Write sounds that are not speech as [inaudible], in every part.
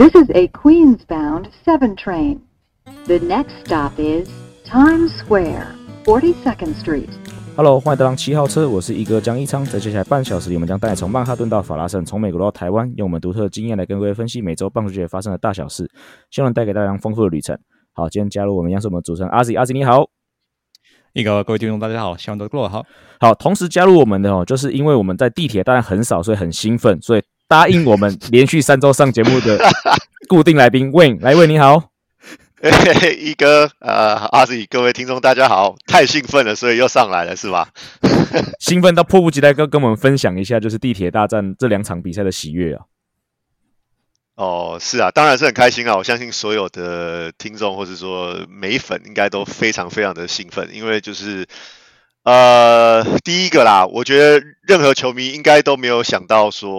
This is a Queens-bound 7 train. The next stop is Times Square, 42nd Street. Hello，歡迎搭乘七號車，我是奕哥江奕昌，在接下來半小時裡，我們將帶你從曼哈頓到法拉盛，從美國到台灣，用我們獨特的經驗來跟各位分析每週棒球界發生的大小事，希望能帶給大家豐富的旅程。好，今天加入我們依然，是我們主持人阿 Z，阿 Z 你好，奕哥各位聽眾大家好，希望都過好好。同時加入我們的哦，就是因為我們在地鐵當然很少，所以很興奮，所以。答應我們連續三周上節目的固定來賓 [laughs] Wayne 來 Wayne 你好，奕、欸、哥啊、呃，阿 s 各位聽眾大家好，太興奮了，所以又上來了是吧？ [laughs] 興奮到迫不及待要跟我們分享一下，就是地鐵大戰這兩場比賽的喜悅啊！哦，是啊，當然是很開心啊！我相信所有的聽眾或者說美粉應該都非常非常的興奮，因為就是。呃，第一個啦，我覺得任何球迷應該都沒有想到說，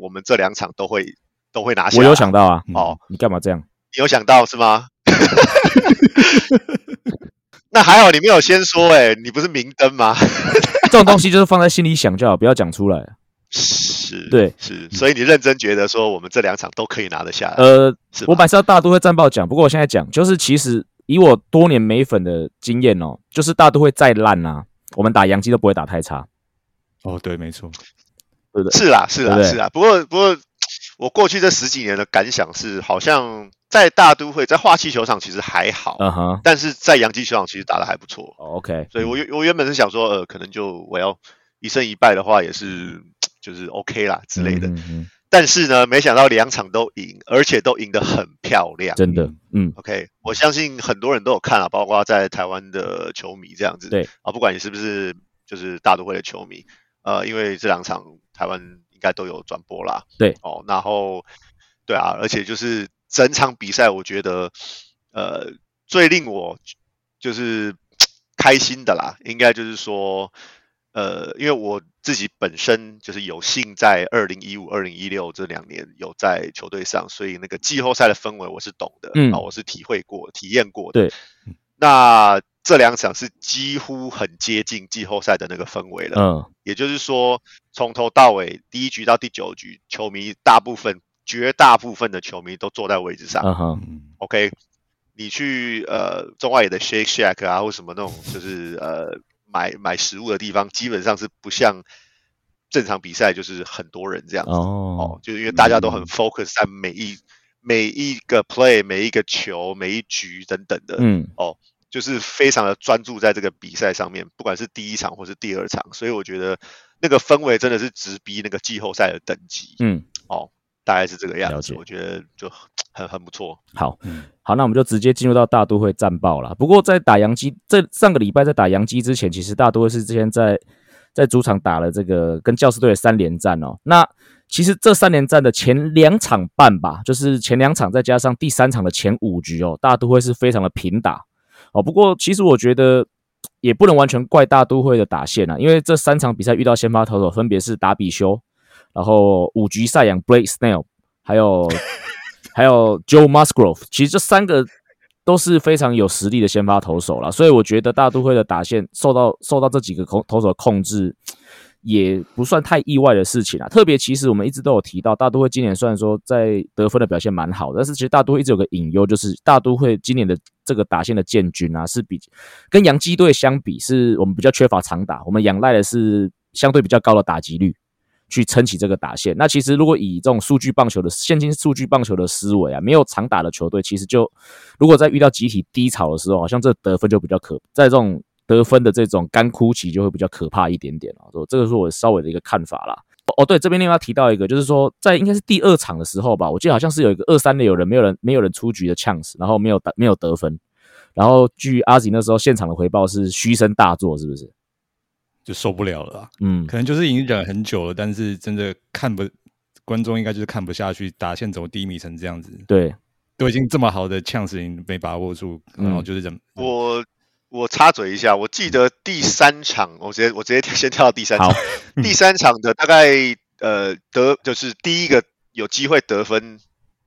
我們這兩場都會都會拿下來。我有想到啊。哦，你幹嘛這樣？你有想到是嗎？ [laughs] [laughs] [laughs] 那還好你沒有先說，欸，誒，你不是明燈嗎？ [laughs] 這種東西就是放在心裡想就好，不要講出來是。是，對，是，所以你認真覺得說，我們這兩場都可以拿得下來。呃，我本來是要大都會戰報講，不過我現在講，就是其實以我多年美粉的經驗哦，就是大都會再爛啊。我們打洋基都不會打太差，哦，對，沒錯，是的，是啦，是啦對對，是啦。不過，不過，我過去這十幾年的感想是，好像在大都會，在花旗球場其實還好，嗯哼。但是在洋基球場其實打得還不錯，OK。Uh -huh. 所以我我原本是想說，呃，可能就我要一勝一敗的話，也是就是 OK 啦之類的。Uh -huh. 但是呢，沒想到兩場都贏，而且都贏得很漂亮，真的。嗯，OK，我相信很多人都有看啊，包括在台灣的球迷這樣子。對啊，不管你是不是就是大都會的球迷，呃，因為這兩場台灣應該都有轉播啦。對哦，然後對啊，而且就是整場比賽，我覺得呃最令我就是開心的啦，應該就是說。呃，因為我自己本身就是有幸在二零一五、二零一六這兩年有在球隊上，所以那個季後賽的氛圍我是懂的，嗯，呃、我是體會過、體驗過的對。那這兩場是幾乎很接近季後賽的那個氛圍了，嗯、哦，也就是說，從頭到尾，第一局到第九局，球迷大部分、絕大部分的球迷都坐在位置上，嗯、啊、哼，OK，你去呃，中外野的 Shake Shack 啊，或什麼那種，就是呃。買買食物的地方基本上是不像正常比賽，就是很多人這樣哦，哦，就是因為大家都很 focus 在每一、嗯、每一個 play、每一個球、每一局等等的，哦、嗯，哦，就是非常的專注在這個比賽上面，不管是第一場或是第二場，所以我覺得那個氛圍真的是直逼那個季後賽的等級，嗯，哦。大概是這個樣子，我覺得就很很不錯。好，嗯，好，那我們就直接進入到大都會戰報了。不過在打洋基，這上個禮拜在打洋基之前，其實大都會是之前在在主場打了這個跟教士隊的三連戰哦。那其實這三連戰的前兩場半吧，就是前兩場再加上第三場的前五局哦，大都會是非常的平打哦。不過其實我覺得也不能完全怪大都會的打線啊，因為這三場比賽遇到先發投手分別是達比修。然後五局賽揚 Blake Snell，還有還有 Joe Musgrove，其實這三個都是非常有實力的先發投手了，所以我覺得大都會的打線受到受到這幾個投手的控制，也不算太意外的事情啊。特別其實我們一直都有提到，大都會今年雖然說在得分的表現蠻好，但是其實大都會一直有個隱憂，就是大都會今年的這個打線的建軍啊，是比跟洋基隊相比，是我們比較缺乏長打，我們仰賴的是相對比較高的打擊率，去撐起這個打線。那其實如果以這種數據棒球的現今數據棒球的思維啊，沒有長打的球隊，其實就如果在遇到集體低潮的時候，好像這得分就比較可，在這種得分的這種乾枯期就會比較可怕一點點啊、哦。說這個是我稍微的一個看法啦。哦，對，這邊另外要提到一個，就是說在應該是第二場的時候吧，我記得好像是有一個二三壘，有人，沒有人沒有人出局的 chance，然後沒有沒有得分。然後據阿錦那時候現場的回報是噓聲大作，是不是？就受不了了，嗯，可能就是已經忍很久了，但是真的看不，觀眾應該就是看不下去，打線走低迷成這樣子。對，都已經這麼好的 chance 沒把握住，嗯，然後就是這樣。我我插嘴一下，我記得第三場，我直接我直接先跳到第三場， [laughs] 第三場的大概呃得就是第一個有機會得分。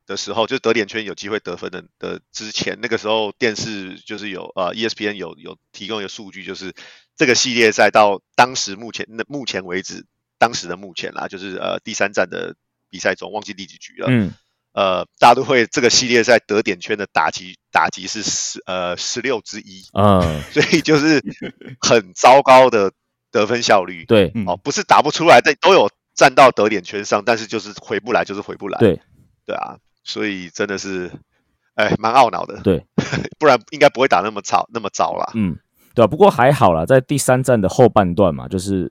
的時候，就得點圈有機會得分的的之前那個時候，電視就是有啊、呃，ESPN 有有提供有數據，就是這個系列賽到當時目前那目前為止，當時的目前啦，就是呃第三戰的比賽中，忘記第幾局了。嗯。呃，大都會這個系列賽得點圈的打擊打擊是十呃十六之一啊，嗯、 [laughs] 所以就是很糟糕的得分效率。對，嗯、哦，不是打不出來，但都有站到得點圈上，但是就是回不來，就是回不來。對，對啊。所以真的是，哎、欸，蠻懊惱的。對， [laughs] 不然應該不會打那麼早那麼早了。嗯，對啊。不過還好啦，在第三戰的後半段嘛，就是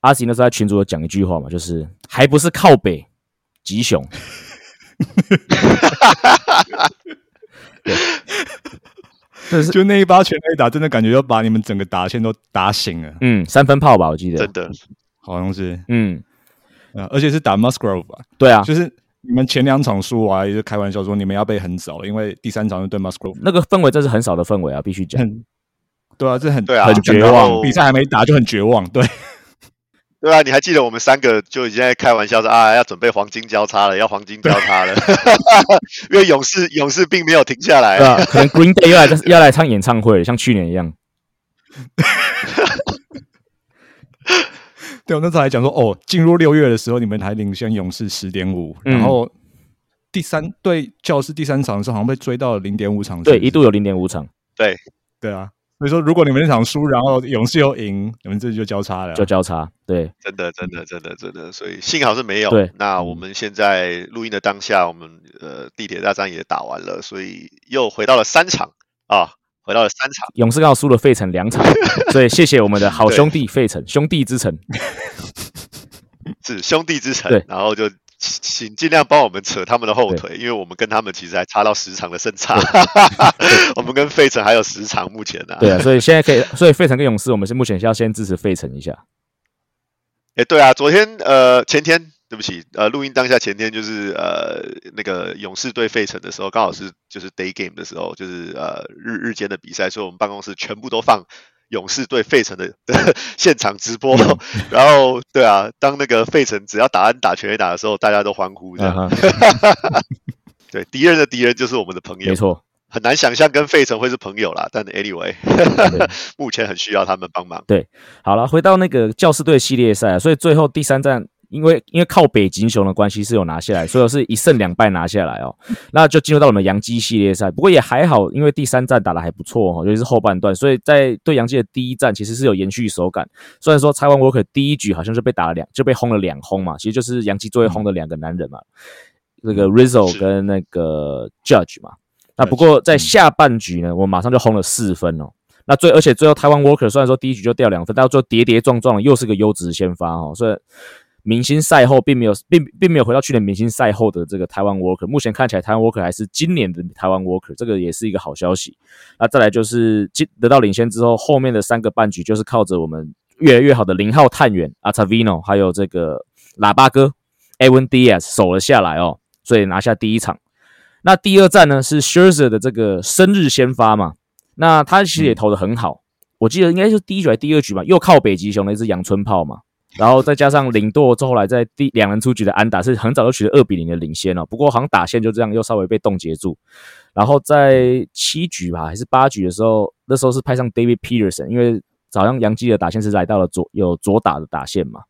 阿西那時候在群組有講一句話嘛，就是還不是靠北極熊。哈哈哈哈哈！就 [laughs] [laughs] [laughs] 是就那一巴拳全壘打，真的感覺要把你們整個打線都打醒了。嗯，三分炮吧，我記得。真的，好的東西。嗯，啊、而且是打 Musgrove 吧？對啊，就是。你們前兩場輸完、啊，一直開玩笑說你們要被橫掃，因為第三場是對 Musgrove。那個氛圍真是橫掃的氛圍啊，必須講。對啊，這很對啊，很絕望。比賽還沒打就很絕望，對。對啊，你還記得我們三個就已經在開玩笑說啊，要準備黃金交叉了，要黃金交叉了。 [laughs] 因為勇士勇士並沒有停下來，對、啊，可能 Green Day 要來 [laughs] 要來唱演唱會，像去年一樣。 [laughs] 對，那次還講說哦，進入六月的時候，你們還領先勇士十點五，然後第三對教士第三場的時候，好像被追到了零點五場，對，一度有零點五場，對，對啊，所以說如果你們那場輸，然後勇士又贏，你們這就交叉了，就交叉，對，真的，真的，真的，真的，所以幸好是沒有。對。那我們現在錄音的當下，我們呃地鐵大戰也打完了，所以又回到了三場啊。回到了三場，勇士剛好輸了費城兩場， [laughs] 所以謝謝我們的好兄弟費城，兄弟之城是兄弟之城。對，然後就請儘量幫我們扯他們的後腿，因為我們跟他們其實還差到十場的勝差。 [laughs] 我們跟費城還有十場目前、啊，對啊，所以現在可以，所以費城跟勇士，我們是目前是要先支持費城一下。哎、欸，對啊，昨天呃前天。對不起，呃，錄音當下前天就是呃，那個勇士對費城的時候，剛好是就是 day game 的時候，就是呃日日間的比賽，所以我們辦公室全部都放勇士對費城的呵呵現場直播。 [laughs] 然後對啊，當那個費城只要打安打、全壘打的時候，大家都歡呼這樣。Uh -huh. [laughs] 對，敵人的敵人就是我們的朋友，沒錯，很難想象跟費城會是朋友啦。但 anyway， [laughs] 對 [laughs] 目前很需要他們幫忙。對，好了，回到那個教士隊系列賽，所以最後第三站。因為因為靠北極熊的關係是有拿下來，所以是一勝兩敗拿下來哦。那就進入到我們洋基系列賽，不過也還好，因為第三戰打得還不錯哦，尤其是後半段，所以在對洋基的第一戰其實是有延續手感。雖然說台灣 Walker 第一局好像就被打了兩就被轟了兩轟嘛，其實就是洋基最轟的兩個男人嘛，嗯、那個 Rizzo 跟那個 Judge 嘛。那不過在下半局呢，我馬上就轟了四分哦。那最而且最後台灣 Walker 雖然說第一局就掉兩分，但最後跌跌撞撞又是個優質先發哦，所以。明星賽後並沒有並並沒有回到去年明星賽後的這個台灣 Walker，目前看起來台灣 Walker 還是今年的台灣 Walker。這個也是一個好消息。那再來就是今得到領先之後，後面的三個半局就是靠着我們越來越好的零號探員 Ottavino，還有這個喇叭哥 Edwin Diaz 守了下來哦，所以拿下第一場。那第二站呢是 Scherzer 的這個生日先發嘛，那他其實也投的很好，嗯，我記得應該是第一局還是第二局嘛，又靠北極熊的一支陽春炮嘛。然後再加上零舵，後來在第兩人出局的安打，是很早就取得二比零的領先了、哦。不過好像打線就這樣又稍微被凍結住。然後在七局吧，還是八局的時候，那時候是派上 David Peterson，因為早上洋基的打線是來到了左有左打的打線嘛。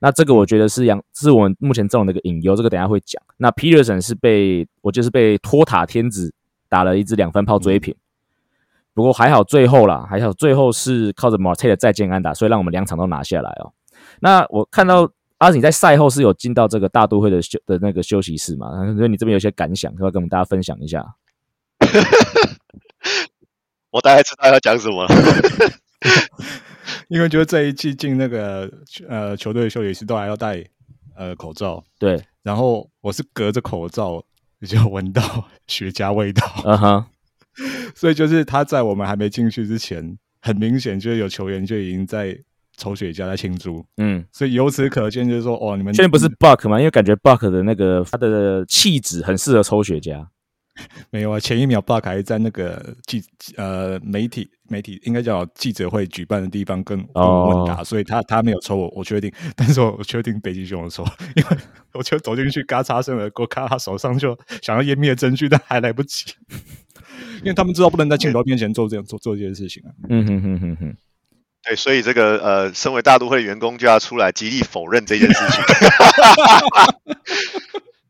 那這個我覺得是楊，是我們目前陣容的一個隱憂，這個等一下會講。那 Peterson 是被我就是被托塔天子打了一支兩分炮追平、嗯，不過還好最後啦，還好最後是靠着 Martay 的再見安打，所以讓我們兩場都拿下來哦。那我看到阿紫、啊、在賽後是有進到這個大都會的休的那個休息室嘛、啊？所以你這邊有些感想，可以不要不跟我們大家分享一下？ [laughs] 我大概知道要講什麼， [laughs] 因為覺得這一季進那個呃球隊的休息室都還要戴呃口罩，對，然後我是隔着口罩，就聞到雪茄味道，嗯、uh、哼 -huh，所以就是他在我們還沒進去之前，很明顯就是有球員就已經在。抽雪茄在慶祝，嗯，所以由此可見，就是說，哦，你們現在不是 Buck 嗎？因為感覺 Buck 的那個他的氣質很適合抽雪茄。沒有啊，前一秒 Buck 還在那個記呃媒體媒體應該叫記者會舉辦的地方跟我們問答、哦，所以他他沒有抽，我我確定，但是我確定北極熊抽，因為我就走進去嘎嚓聲而過，看他手上就想要湮滅證據，但還來不及、嗯，因為他們知道不能在鏡頭面前做這樣做做這件事情、啊、嗯哼哼哼哼。對，所以這個呃，身為大都會員工就要出來極力否認這件事情。哈哈哈哈哈哈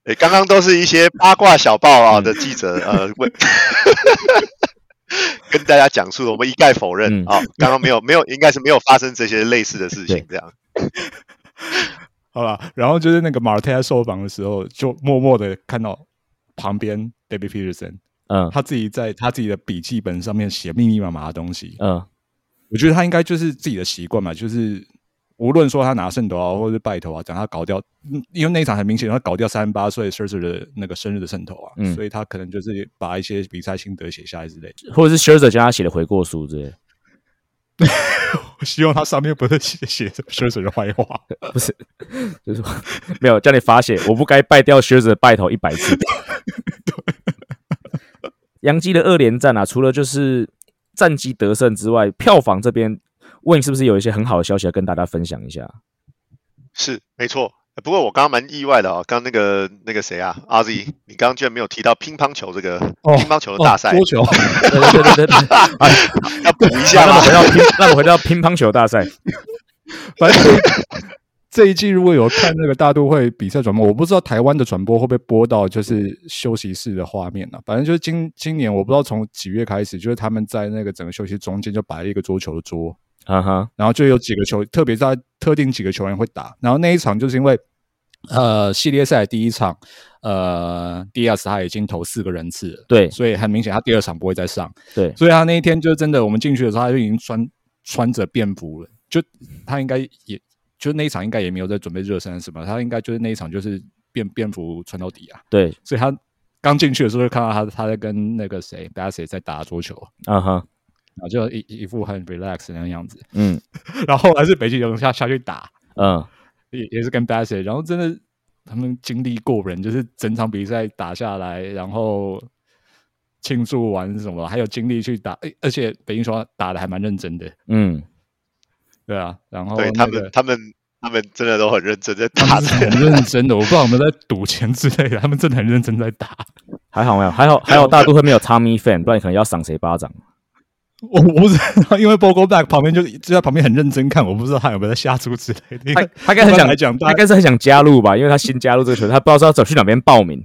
哎，剛剛都是一些八卦小報啊、嗯、的記者呃問， [laughs] [laughs] 跟大家講述，我們一概否認啊、嗯哦。剛剛沒有沒有，應該是沒有發生這些類似的事情，這樣。好了，然後就是那個馬爾泰在受訪的時候，就默默的看到旁邊 David Peterson，嗯，他自己在他自己的筆記本上面寫密密麻麻的東西，嗯。我覺得他應該就是自己的習慣嘛，就是無論說他拿勝投啊，或者是敗投啊，講他搞掉，因為那一場很明顯，他搞掉三十八歲 Scherzer 的那個生日的勝投啊、嗯，所以他可能就是把一些比賽心得寫下來之類的，或者是 Scherzer 叫他寫的悔過書之類。 [laughs] 我希望他上面不是寫着 Scherzer 的壞話， [laughs] 不是，就是沒有叫你罰寫，我不該敗掉 Scherzer 的敗投一百次。洋 [laughs] 基的二連戰啊，除了就是。戰績得勝之外，票房這邊，問是不是有一些很好的消息要跟大家分享一下？是，沒錯。不過我剛剛蠻意外的啊。哦，剛，剛那個那個誰啊，阿 Z，你剛剛居然沒有提到乒乓球這個、哦、乒乓球的大賽。哦、多球、哦對對對對 [laughs] 哎，要補一下。那我回到 [laughs] 那我回到乒乓球大賽。反正，這一季如果有看那個大都會比賽轉播，我不知道台灣的轉播會不會播到就是休息室的畫面呢？反正就是今今年我不知道從幾月開始，就是他們在那個整個休息中間就擺了一個桌球的桌，哈哈，然後就有幾個球，特別在特定幾個球員會打。然後那一場就是因為呃系列賽第一場，呃第二次他已經投四個人次，對，所以很明顯他第二場不會再上，對，所以他那一天就真的，我們進去的時候他就已經穿穿着便服了，就他應該也。就那一場應該也沒有在準備熱身是吧？他應該就是那一場就是便便，便服穿到底啊。對，所以他剛進去的時候就看到他，他在跟那個誰 Bassitt 在打桌球。嗯哼，然後就一一副很 relax 那個樣子。嗯， [laughs] 然後後來是北京球下下去打。嗯，也也是跟 Bassitt 然後真的他們精力過人，就是整場比賽打下來，然後慶祝完什麼，還有精力去打。哎，而且北京說打得還蠻認真的。嗯。對啊，然後、那個、他們、他們、他們真的都很認真在打，他們是很認真的。 [laughs] 我不知道我們在賭錢之類的，他們真的很認真在打。還好沒有，還好，還好大都會沒有 Tommy Pham， [laughs] 不然可能要賞誰巴掌。我我不知道，因為 Bogoback 旁邊就就在旁邊很認真看，我不知道他有沒有在下注之類的。他他該很想，應該是很想加入吧， [laughs] 因為他新加入這個球，他不知道要走去哪邊報名。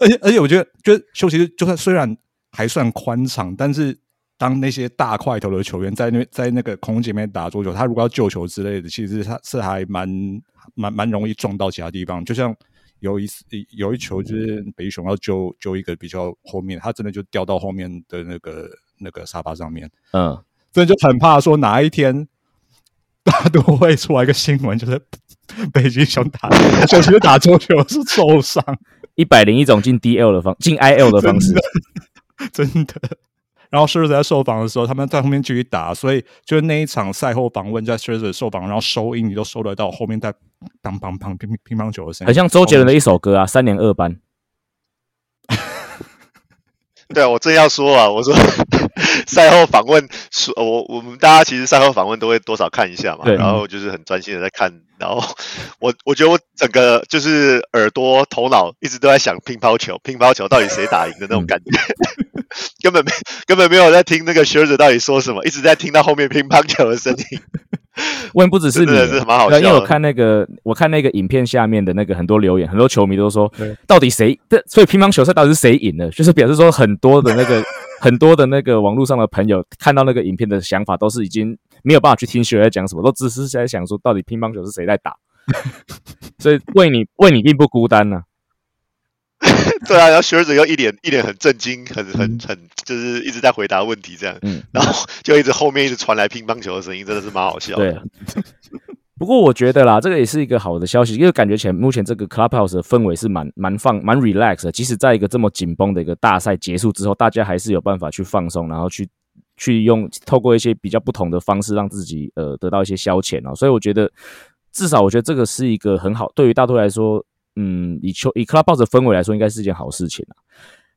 而 [laughs] 且而且，而且我覺得覺得休息室就算雖然還算寬敞，但是。當那些大塊頭的球員在那在那個空間裡面打桌球，他如果要救球之類的，其實他是還蠻蠻蠻容易撞到其他地方。就像有一次有一球，就是北極熊要救救一個比較後面，他真的就掉到後面的那個那個沙發上面。嗯，所以就很怕說哪一天，大都會出來一個新聞，就是北極熊打就是打桌球是受 [laughs] 傷，一百零一種進 D L 的方進 I L 的方式，真的。真的。然後獅子在受訪的時候，他們在後面繼續打，所以就是那一場賽後訪問在獅子受訪，然後收音你都收得到後面帶乓乓乒乒乓球的聲音，很像周杰倫的一首歌啊，《三年二班》 [laughs] 對，我正要說啊，我說賽後訪問，我我們大家其實賽後訪問都會多少看一下嘛，然後就是很專心的在看，然後我我覺得我整個就是耳朵、頭腦一直都在想乒乓球，乒乓球到底誰打贏的那種感覺。 [laughs] 根本沒根本沒有在聽那個學者到底說什麼，一直在聽到後面乒乓球的聲音。問 [laughs] 不只是你是，因為我看那個，我看那個影片下面的那個很多留言，很多球迷都說，到底誰？所以乒乓球賽到底是誰贏了？就是表示說，很多的那個 [laughs] 很多的那個網絡上的朋友看到那個影片的想法，都是已經沒有辦法去聽學者在講什麼，都只是在想說，到底乒乓球是誰在打？ [laughs] 所以為你為你並不孤單吶、啊。對啊，然後學着又一臉一臉很震驚，很很很、嗯，就是一直在回答問題這樣、嗯，然後就一直後面一直傳來乒乓球的聲音，真的是蠻好笑的。對、啊，不過我覺得啦， [laughs] 這個也是一個好的消息，因為感覺前目前這個 clubhouse 的氛圍是蠻蠻放蠻 relax 的，即使在一個這麼緊繃的一個大賽結束之後，大家還是有辦法去放鬆，然後去去用透過一些比較不同的方式，讓自己呃得到一些消遣哦、啊。所以我覺得，至少我覺得這個是一個很好，對於大都來說。嗯，以、以 Clubhouse 的氛圍來說，應該是一件好事情、啊、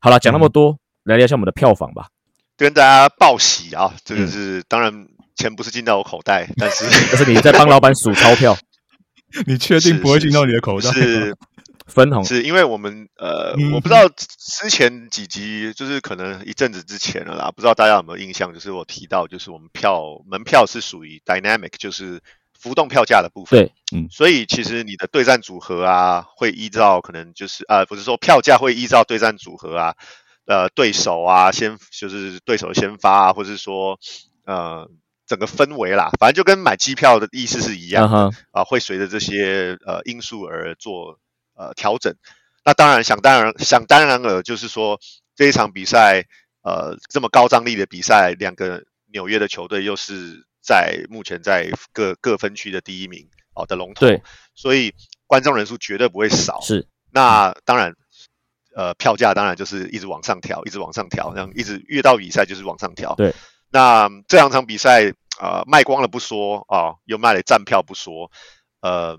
好了，講那麼多、嗯，來聊一下我們的票房吧。跟大家報喜啊，這、就、個是、嗯、當然錢不是進到我口袋，嗯、但是但是你在幫老闆數鈔票，你確定不會進到你的口袋？是，是，是，是分紅，是因為我們呃，我不知道之前幾集，就是可能一陣子之前了啦、嗯，不知道大家有沒有印象，就是我提到，就是我們票門票是屬於 dynamic，就是浮動票價的部分，嗯，所以其實你的對戰組合啊，會依照可能就是啊、呃，不是說票價會依照對戰組合啊，呃，對手啊，先就是對手先發啊，或是說，呃，整個氛圍啦，反正就跟買機票的意思是一樣啊哈，啊，會隨着這些呃因素而做呃調整。那當然想當然想當然了，就是說，這一場比賽，呃，這麼高張力的比賽，兩個紐約的球隊又、就是。在目前在各各分區的第一名哦的龍頭，所以觀眾人數絕對不會少。是那當然，呃，票價當然就是一直往上調，一直往上調，這樣一直越到比賽就是往上調。對，那這兩場比賽啊、呃，賣光了不說啊、呃，又賣了站票不說，呃，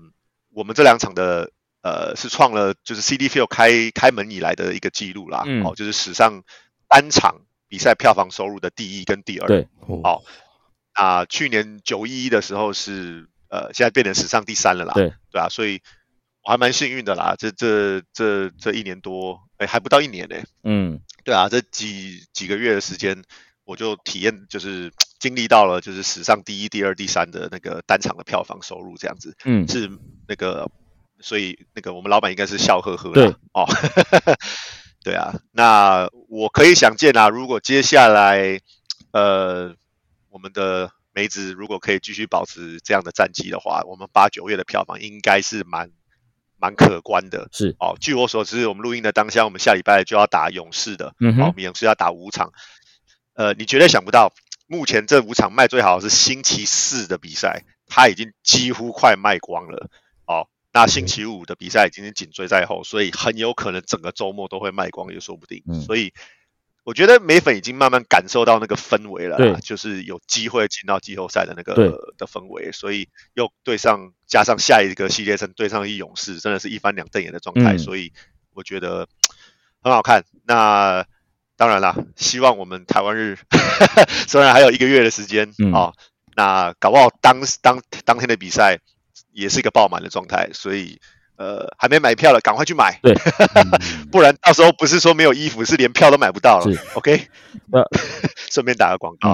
我們這兩場的呃是創了就是 Citi Field 開開門以來的一個記錄啦，嗯、哦，就是史上單場比賽票房收入的第一跟第二，對，嗯、哦。啊，去年九一一的時候是呃，現在變成史上第三了啦。對，對啊，所以我還蠻幸運的啦。這這這這一年多，哎、欸，還不到一年嘞、欸。嗯，對啊，這幾幾個月的時間，我就體驗就是經歷到了就是史上第一、第二、第三的那個單場的票房收入這樣子。嗯，是那個，所以那個我們老闆應該是笑呵呵的。對，哦， [laughs] 對啊。那我可以想見啊，如果接下來呃。我們的梅子如果可以繼續保持這樣的戰績的話，我們八九月的票房應該是蠻蠻可觀的。是哦，據我所知，我們錄音的當下，我們下禮拜就要打勇士的，嗯哼，我們勇士要打五場。呃，你絕對想不到，目前這五場賣最好的是星期四的比賽，它已經幾乎快賣光了。哦，那星期五的比賽已經是緊追在後，所以很有可能整個周末都會賣光，也說不定。嗯，所以。我覺得美粉，已經慢慢感受到那個氛圍了，就是有機會進到季後賽的那個的氛圍，所以又對上加上下一個系列賽對上一勇士，真的是一翻兩瞪眼的狀態，嗯，所以我覺得很好看。那當然啦，希望我們台灣日 [laughs] 雖然還有一個月的時間，嗯、哦，那搞不好當當當天的比賽也是一個爆滿的狀態，所以。呃，還沒買票的，趕快去買！對， [laughs] 不然到時候不是說沒有衣服，是連票都買不到了。是，OK、啊。那 [laughs] 順便打個廣告。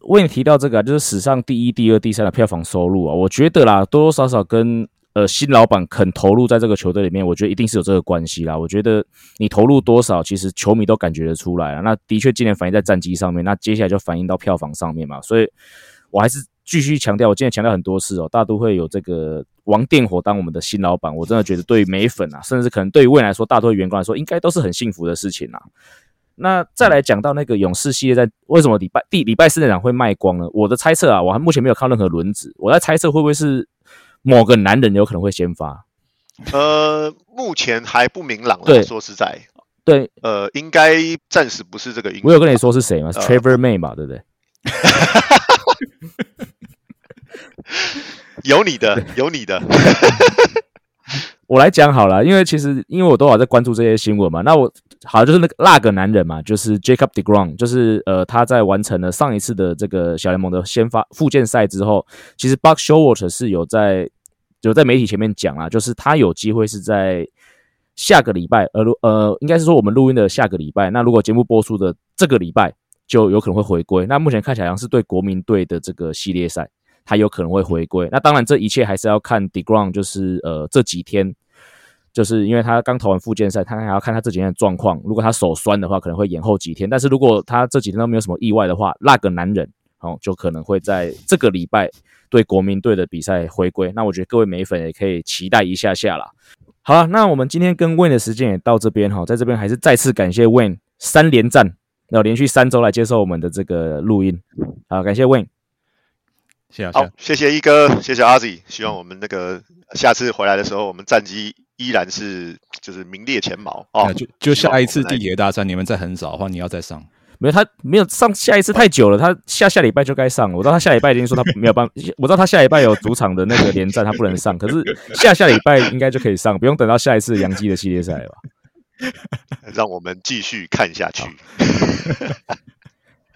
我、啊、跟 [laughs] 你提到這個、啊，就是史上第一、第二、第三的票房收入啊，我覺得啦，多多少少跟呃新老闆肯投入在這個球隊裡面，我覺得一定是有這個關係啦。我覺得你投入多少，其實球迷都感覺得出來了、啊。那的確，今年反映在戰績上面，那接下來就反映到票房上面嘛。所以，我還是。繼續強調，我今天強調很多次哦，大都會有這個王電火當我們的新老闆，我真的覺得對於美粉啊，甚至可能對於未來來說，大都會員工來說，應該都是很幸福的事情啊。那再來講到那個勇士系列在，在為什麼禮拜第禮拜四那場會賣光呢？我的猜測啊，我還目前沒有靠任何輪子，我在猜測會不會是某個男人有可能會先發。呃，目前還不明朗。對，說實在，對，呃，應該暫時不是這個原因。我有跟你說是誰嗎？是 Trevor May 嘛、呃，對不對，對？ [laughs] 有你的，有你的 [laughs] ， [laughs] 我來講好了，因為其實因為我都有在關注這些新聞嘛。那我好像就是那個辣個男人嘛,就是 Jacob deGrom 就是呃他在完成了上一次的這個小聯盟的先發復健賽之後，其實 Buck Showalter 是有在有在媒體前面講啊，就是他有機會是在下個禮拜呃呃應該是說我們錄音的下個禮拜，那如果節目播出的這個禮拜就有可能會回歸。那目前看起來好像是對國民隊的這個系列賽。他有可能會回歸。那當然，這一切還是要看 Degrom，就是呃這幾天，就是因為他剛投完復健賽，他還要看他這幾天的狀況。如果他手酸的話，可能會延後幾天。但是如果他這幾天都沒有什麼意外的話，那個男人哦就可能會在這個禮拜對國民隊的比賽回歸。那我覺得各位美粉也可以期待一下下啦。好了，那我們今天跟 Wayne 的時間也到這邊哈、哦，在這邊還是再次感謝 Wayne 三連戰，然後連續三周來接受我們的這個錄音。好，感謝 Wayne。謝好，好，謝謝一哥，謝謝阿 Z。希望我們那個下次回來的時候，我們戰績依然是就是名列前茅、哦、啊，就就下一次地鐵大戰，你們再橫掃的話，你要再上？沒有他沒有上，下一次太久了。啊、他下下禮拜就該上了。我知道他下禮拜已經說他沒有辦法， [laughs] 我知道他下禮拜有主場的那個連戰，他不能上。 [laughs] 可是下下禮拜應該就可以上，不用等到下一次楊基的系列賽吧？讓我們繼續看下去。 [laughs]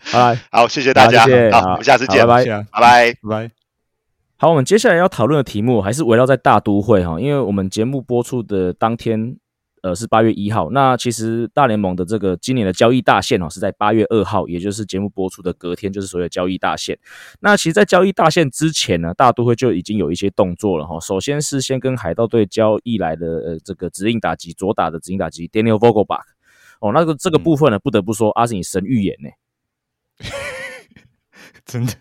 好，好，謝謝大家謝謝好好，好，我們下次見，拜拜，好，拜拜，拜、啊、好，我們接下來要討論的題目還是圍繞在大都會哈，因為我們節目播出的當天，呃，是八月一號。那其實大聯盟的這個今年的交易大限哦，是在八月二號，也就是節目播出的隔天，就是所謂的交易大限。那其實，在交易大限之前呢，大都會就已經有一些動作了哈。首先是先跟海盜隊交易來的這個指定打擊左打的指定打擊 Daniel Vogelbach 哦，那個這個部分呢，嗯、不得不說阿信、啊、神預言呢、欸。真的，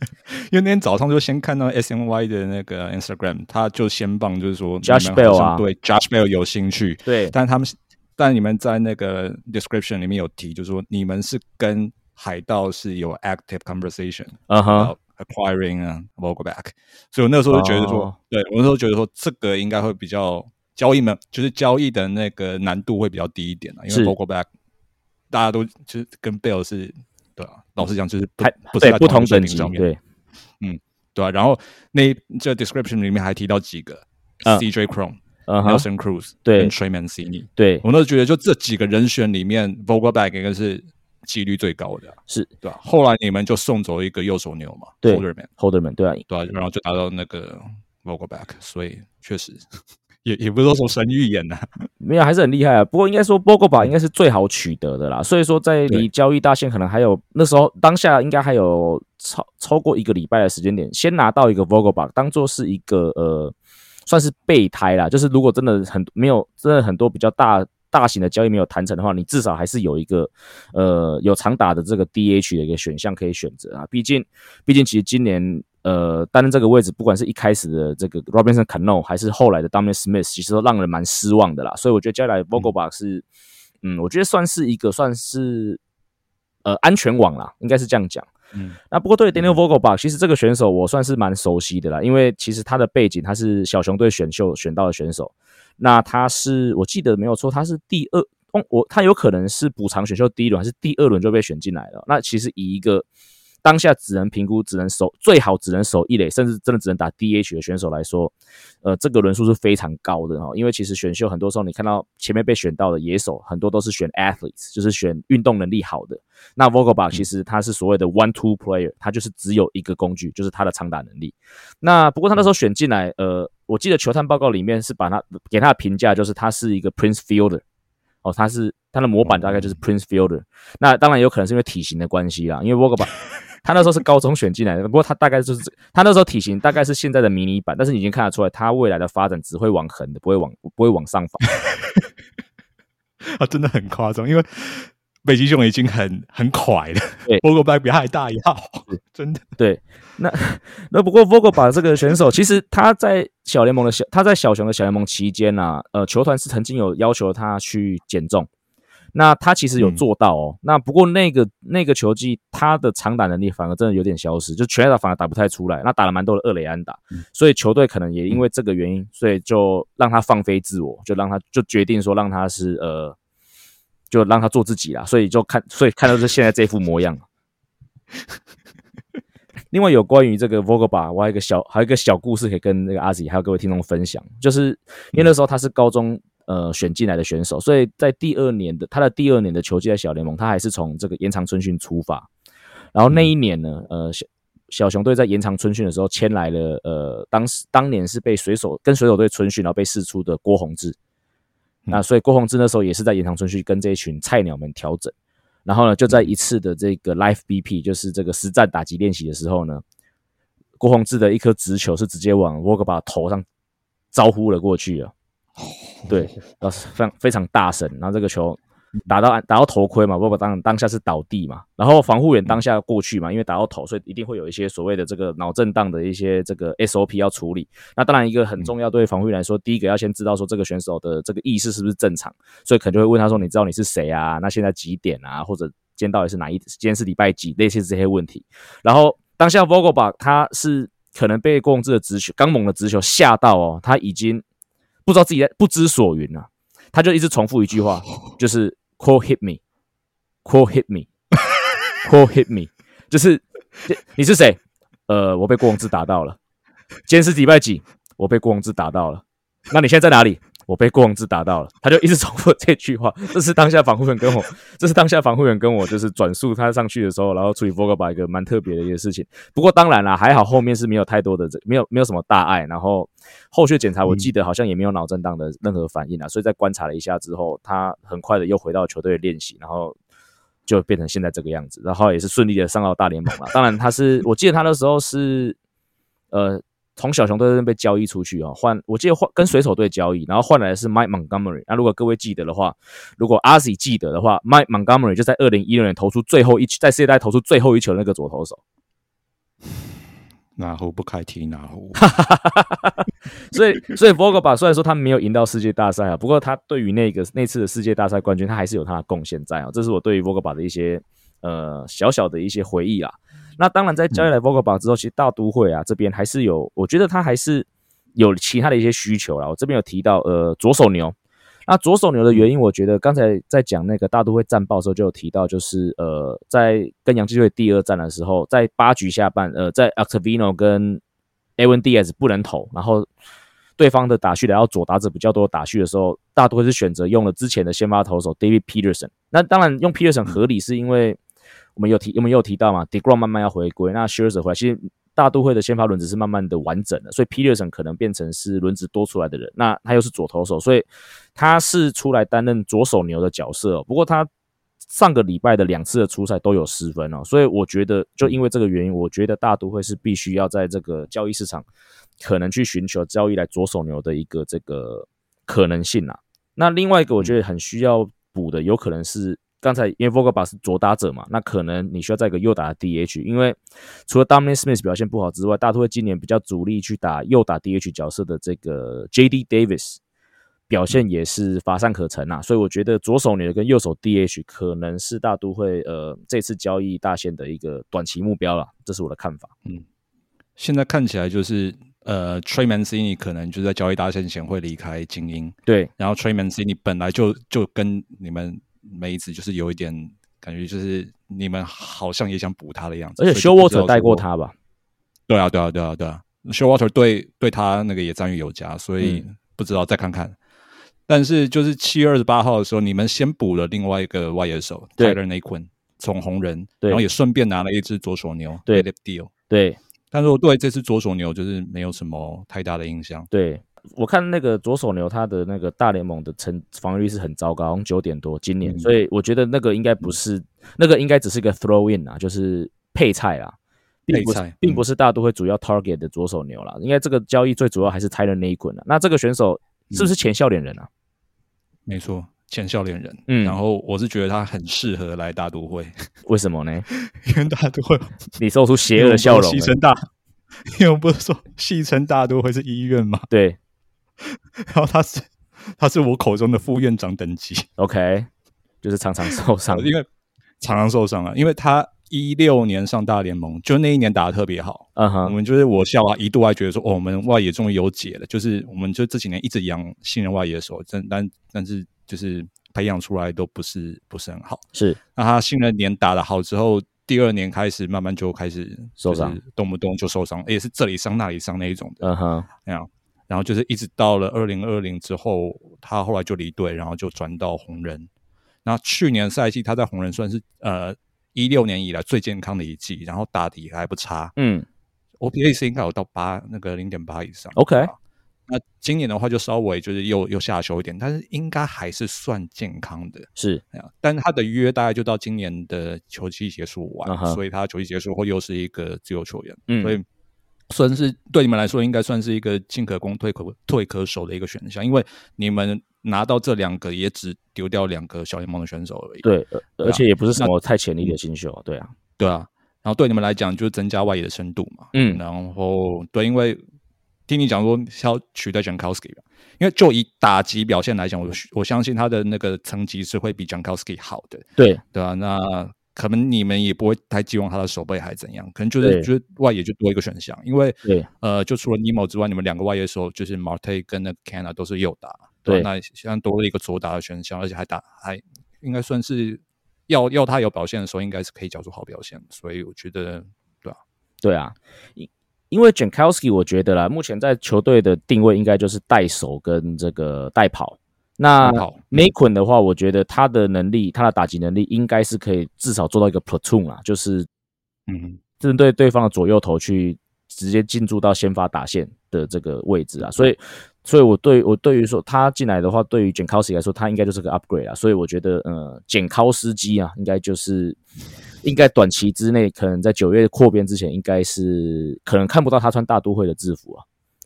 因為那天早上就先看到 S N Y 的那個 Instagram，他就先放就是說 Josh Bell 對 Josh Bell、啊、有興趣，對，但他們但你們在那個 description 裡面有提，就是說你們是跟海盜是有 active conversation，啊、uh、哈 -huh. acquiring a vocal back，所以我那時候就覺得說，uh -huh. 對我那時候覺得說這個應該會比較交易們，就是交易的那個難度會比較低一點啊，因為 vocal back 大家都就是跟 Bell 是。老實講，就是不太、不同等級，對，嗯，對吧、啊？然後那這 description 裡面還提到幾個、啊、，C.J. Cron，嗯 Nelson Cruz，對，Trey Mancini，對，對，我那時候覺得就這幾個人選裡面、嗯、，Vogelback 應該是幾率最高的、啊，是，對吧、啊？後來你們就送走了一個右手牛嘛，Holderman，Holderman，對，對，、啊對，啊對，啊對，啊、對啊，對啊，然後就拿到那個 Vogelback，所以確實。 [laughs] 也也不是說從神預言吶、啊， [laughs] 沒有還是很厲害啊。不過應該說，Vogelbach 應該是最好取得的啦。所以說，在離交易大限可能還有那時候當下應該還有超超過一個禮拜的時間點，先拿到一個 Vogelbach 當做是一個呃算是備胎啦。就是如果真的很沒有，真的很多比較大大型的交易沒有談成的話，你至少還是有一個呃有長打的這個 DH 的一個選項可以選擇啊。畢竟，畢竟其實今年。呃，擔任這個位置，不管是一開始的這個 Robinson Cano，還是後來的 Dominic Smith，其實都讓人蠻失望的啦。所以我覺得接下來 Vogelbach 是嗯，嗯，我覺得算是一個算是呃安全網啦，應該是這樣講。嗯，那不過對 Daniel Vogelbach，其實這個選手我算是蠻熟悉的啦，因為其實他的背景，他是小熊隊選秀選到的選手。那他是，我記得沒有錯，他是第二，哦、我他有可能是補償選秀第一輪還是第二輪就被選進來了。那其實以一個當下只能評估，只能守，最好只能守一壘，甚至真的只能打 DH 的選手來說，呃，這個輪數是非常高的哈、哦。因為其實選秀很多時候你看到前面被選到的野手很多都是選 athletes，就是選運動能力好的。那 Vogelbach 其實他是所謂的 one two player，、嗯、他就是只有一個工具，就是他的長打能力。那不過他那時候選進來，呃，我記得球探報告裡面是把他給他的評價就是他是一個 Prince Fielder 哦，他是。他的模板大概就是 Prince Fielder，、嗯、那當然有可能是因為體型的關係啦。因為 Vogelbach 他那時候是高中選進來的， [laughs] 不過他大概就是他那時候體型大概是現在的迷你版，但是你已經看得出來，他未來的發展只會往橫的，不會往不會往上翻。 [laughs] 啊，真的很誇張，因為北極熊已經很很快了，Vogelbach 比他還大一號，真的。對，那那不過 Vogelbach 這個選手， [laughs] 其實他在小聯盟的小他在小熊的小聯盟期間呢、啊，呃，球團是曾經有要求他去減重。那他其實有做到哦，嗯、那不過那個那個球技，他的長打能力反而真的有點消失，就全打反而打不太出來。那打了蠻多的二壘安打、嗯，所以球隊可能也因為這個原因，所以就讓他放飛自我，就讓他就決定說讓他是呃，就讓他做自己啦。所以就看，所以看到就是現在這副模樣。 [laughs] [laughs] 另外有關於這個 Vogba 吧，我還有一個小還有一個小故事可以跟那個阿 Z 還有各位聽眾分享，就是、嗯、因為那時候他是高中。呃，選進來的選手，所以在第二年的他的第二年的球季在小聯盟，他還是從這個延長春訓出發。然後那一年呢，呃，小小熊隊在延長春訓的時候，簽來了呃，當時當年是被水手跟水手隊春訓然後被釋出的郭泓志。那所以郭泓志那時候也是在延長春訓跟這一群菜鳥們調整。然後呢，就在一次的這個 live BP，就是這個實戰打擊練習的時候呢，郭泓志的一顆直球是直接往沃格巴頭上招呼了過去了。 [laughs] 對，要非常非常大聲，然後這個球打到打到頭盔嘛不 o、嗯、當當下是倒地嘛，然後防護員當下過去嘛、嗯，因為打到頭，所以一定會有一些所謂的這個腦震盪的一些這個 SOP 要處理。那當然一個很重要對於防護員來說、嗯，第一個要先知道說這個選手的這個意識是不是正常，所以可能會問他說：“你知道你是誰啊？那現在幾點啊？或者今天到底是哪一？今天是禮拜幾？類似這些問題。”然後當下 Vogo 把吧，他是可能被郭泓志的直球剛猛的直球嚇到哦，他已經。不知道自己在不知所云啊，他就一直重複一句話，就是 “call hit me，call hit me，call hit me”，call hit me, call hit me [laughs] 就是你是誰？呃，我被郭泓志打到了。今天是禮拜幾？我被郭泓志打到了。那你現在在哪裡？我被郭泓志打到了，他就一直重複這句話。這是當下防護員跟我，這是當下防護員跟我，就是轉述他上去的時候，然後處理博格巴一個蠻特別的一個事情。不過當然了，還好後面是沒有太多的，沒有沒有什麼大礙。然後後續檢查，我記得好像也沒有腦震盪的任何反應啊、嗯。所以在觀察了一下之後，他很快的又回到球隊練習，然後就變成現在這個樣子。然後也是順利的上到大聯盟了。當然他是，我記得他那時候是，呃。從小熊都在那邊被交易出去啊、哦，換我記得換跟水手隊交易，然後換來的是 Mike Montgomery。那如果各位記得的話，如果阿奕記得的話，Mike Montgomery 就在二零一六年投出最後一球，在世界大賽投出最後一球那個左投手。哪壺不開提哪壺， [laughs] [laughs] 所以所以 Vogelbach 雖然說他沒有贏到世界大賽啊，不過他對於那個那次的世界大賽冠軍，他還是有他的貢獻在啊。這是我對於 Vogelbach 的一些呃小小的一些回憶啊。那當然，在交易來 Vogelbach 之後，其實大都會啊這邊還是有，我覺得它還是有其他的一些需求啦，我這邊有提到，呃，左手牛。那左手牛的原因，我覺得剛才在講那個大都會戰報的時候就有提到，就是呃，在跟洋基隊第二戰的時候，在八局下半，呃，在 Ottavino 跟 Edwin Díaz 不能投，然後對方的打序然後左打者比較多打序的時候，大都會是選擇用了之前的先發投手 David Peterson。那當然用 Peterson 合理，是因為。我們有提，有沒有提到嘛？deGrom 慢慢要回歸，那 Shields 回來，其實大都會的先發輪值是慢慢的完整的，所以 Peterson 可能變成是輪值多出來的人。那他又是左投手，所以他是出來擔任左手牛的角色、哦。不過他上個禮拜的兩次的出賽都有失分哦，所以我覺得就因為這個原因，我覺得大都會是必須要在這個交易市場可能去尋求交易來左手牛的一個這個可能性啦、啊。那另外一個我覺得很需要補的，有可能是。剛才因為 Vogelbach 是左打者嘛，那可能你需要再一個右打 DH，因為除了 Dominic Smith 表現不好之外，大都會今年比較主力去打右打 DH 角色的這個 J D Davis 表現也是乏善可陳吶、啊嗯，所以我覺得左手你的跟右手 DH 可能是大都會呃這次交易大限的一個短期目標了，這是我的看法。嗯，現在看起來就是呃 Trey Mancini 可能就在交易大限前會離開金鶯，對，然後 Trey Mancini 本來就就跟你們。梅子，就是有一點感覺，就是你們好像也想補他的樣子。而且修沃特帶過他吧？對啊，啊對，啊、對啊，Showalter、對啊，對啊！修沃特對對他那個也讚譽有加，所以不知道、嗯、再看看。但是就是七月二十八號的時候，你們先補了另外一個外野手泰勒納昆，從紅人，然後也順便拿了一隻左手牛。對、Diehl、對，對。但是我對這次左手牛就是沒有什麼太大的印象。對。我看那個左手牛，他的那個大聯盟的成防禦是很糟糕，九點多今年、嗯，所以我覺得那個應該不是、嗯，那個應該只是一個 throw in 啊，就是配菜啦，配菜並不，並不是大都會主要 target 的左手牛啦，嗯、應該這個交易最主要還是 Tyler Naquin 啊。那這個選手是不是前笑臉人啊、嗯？沒錯，前笑臉人、嗯。然後我是覺得他很適合來大都會，為什麼呢？因為大都會，你露出邪惡的笑容。西城大，因為我不是說西城大都會是醫院嗎？對。然後他是，他是我口中的副院長等級。OK，就是常常受傷，因為常常受傷啊，因為他一六年上大聯盟，就那一年打得特別好。嗯哼，我們就是我笑啊，一度還覺得說，哦，我們外野終於有解了。就是我們就這幾年一直養新人外野手，但但但是就是培養出來都不是不是很好。是，那他新人年打得好之後，第二年開始慢慢就開始受傷，動不動就受傷，也、欸、是這裡傷那裡傷那一種嗯哼，那樣。然後就是一直到了二零二零之後，他後來就離隊，然後就轉到紅人。然後去年賽季他在紅人算是呃一六年以來最健康的一季，然後打的也還不差。嗯，OPS 是應該有到八那個零點八以上。OK，啊。那今年的話就稍微就是又又下修一點，但是應該還是算健康的。是、啊，但他的約大概就到今年的球季結束完，uh -huh. 所以他球季結束後又是一個自由球員。嗯，所以。算是對你們來說，應該算是一個進可攻、退可退可守的一個選項，因為你們拿到這兩個也只丟掉兩個小聯盟的選手而已。對，而且也不是什麼太潛力的新秀。對啊，對啊。然後對你們來講，就是增加外野的深度嘛。嗯，然後對，因為聽你講說是要取代 Jankowski，因為就以打擊表現來講，我我相信他的那個成績是會比 Jankowski 好的。對，對啊。那。可能你們也不會太寄望他的手背還是怎樣，可能就是就是外野就多一個選項，因為對呃，就除了尼 o 之外，你們兩個外野的時候，就是馬特跟那凱 a 都是右打，對，對啊，那現在多了一個左打的選項，而且還打還應該算是要要他有表現的時候，應該是可以交出好表現，所以我覺得對啊，對啊，因因為卷 kowski，我覺得啦，目前在球隊的定位應該就是帶手跟這個帶跑。那梅昆的話，我覺得他的能力，他的打擊能力應該是可以至少做到一個 platoon 啊，就是嗯，針對對方的左右投去直接進駐到先發打線的這個位置啊，所以，所以我對我對於說他進來的話，對於簡考斯基來說，他應該就是個 upgrade 啊，所以我覺得，嗯簡考斯基啊，應該就是應該短期之內，可能在九月擴編之前，應該是可能看不到他穿大都會的制服啊，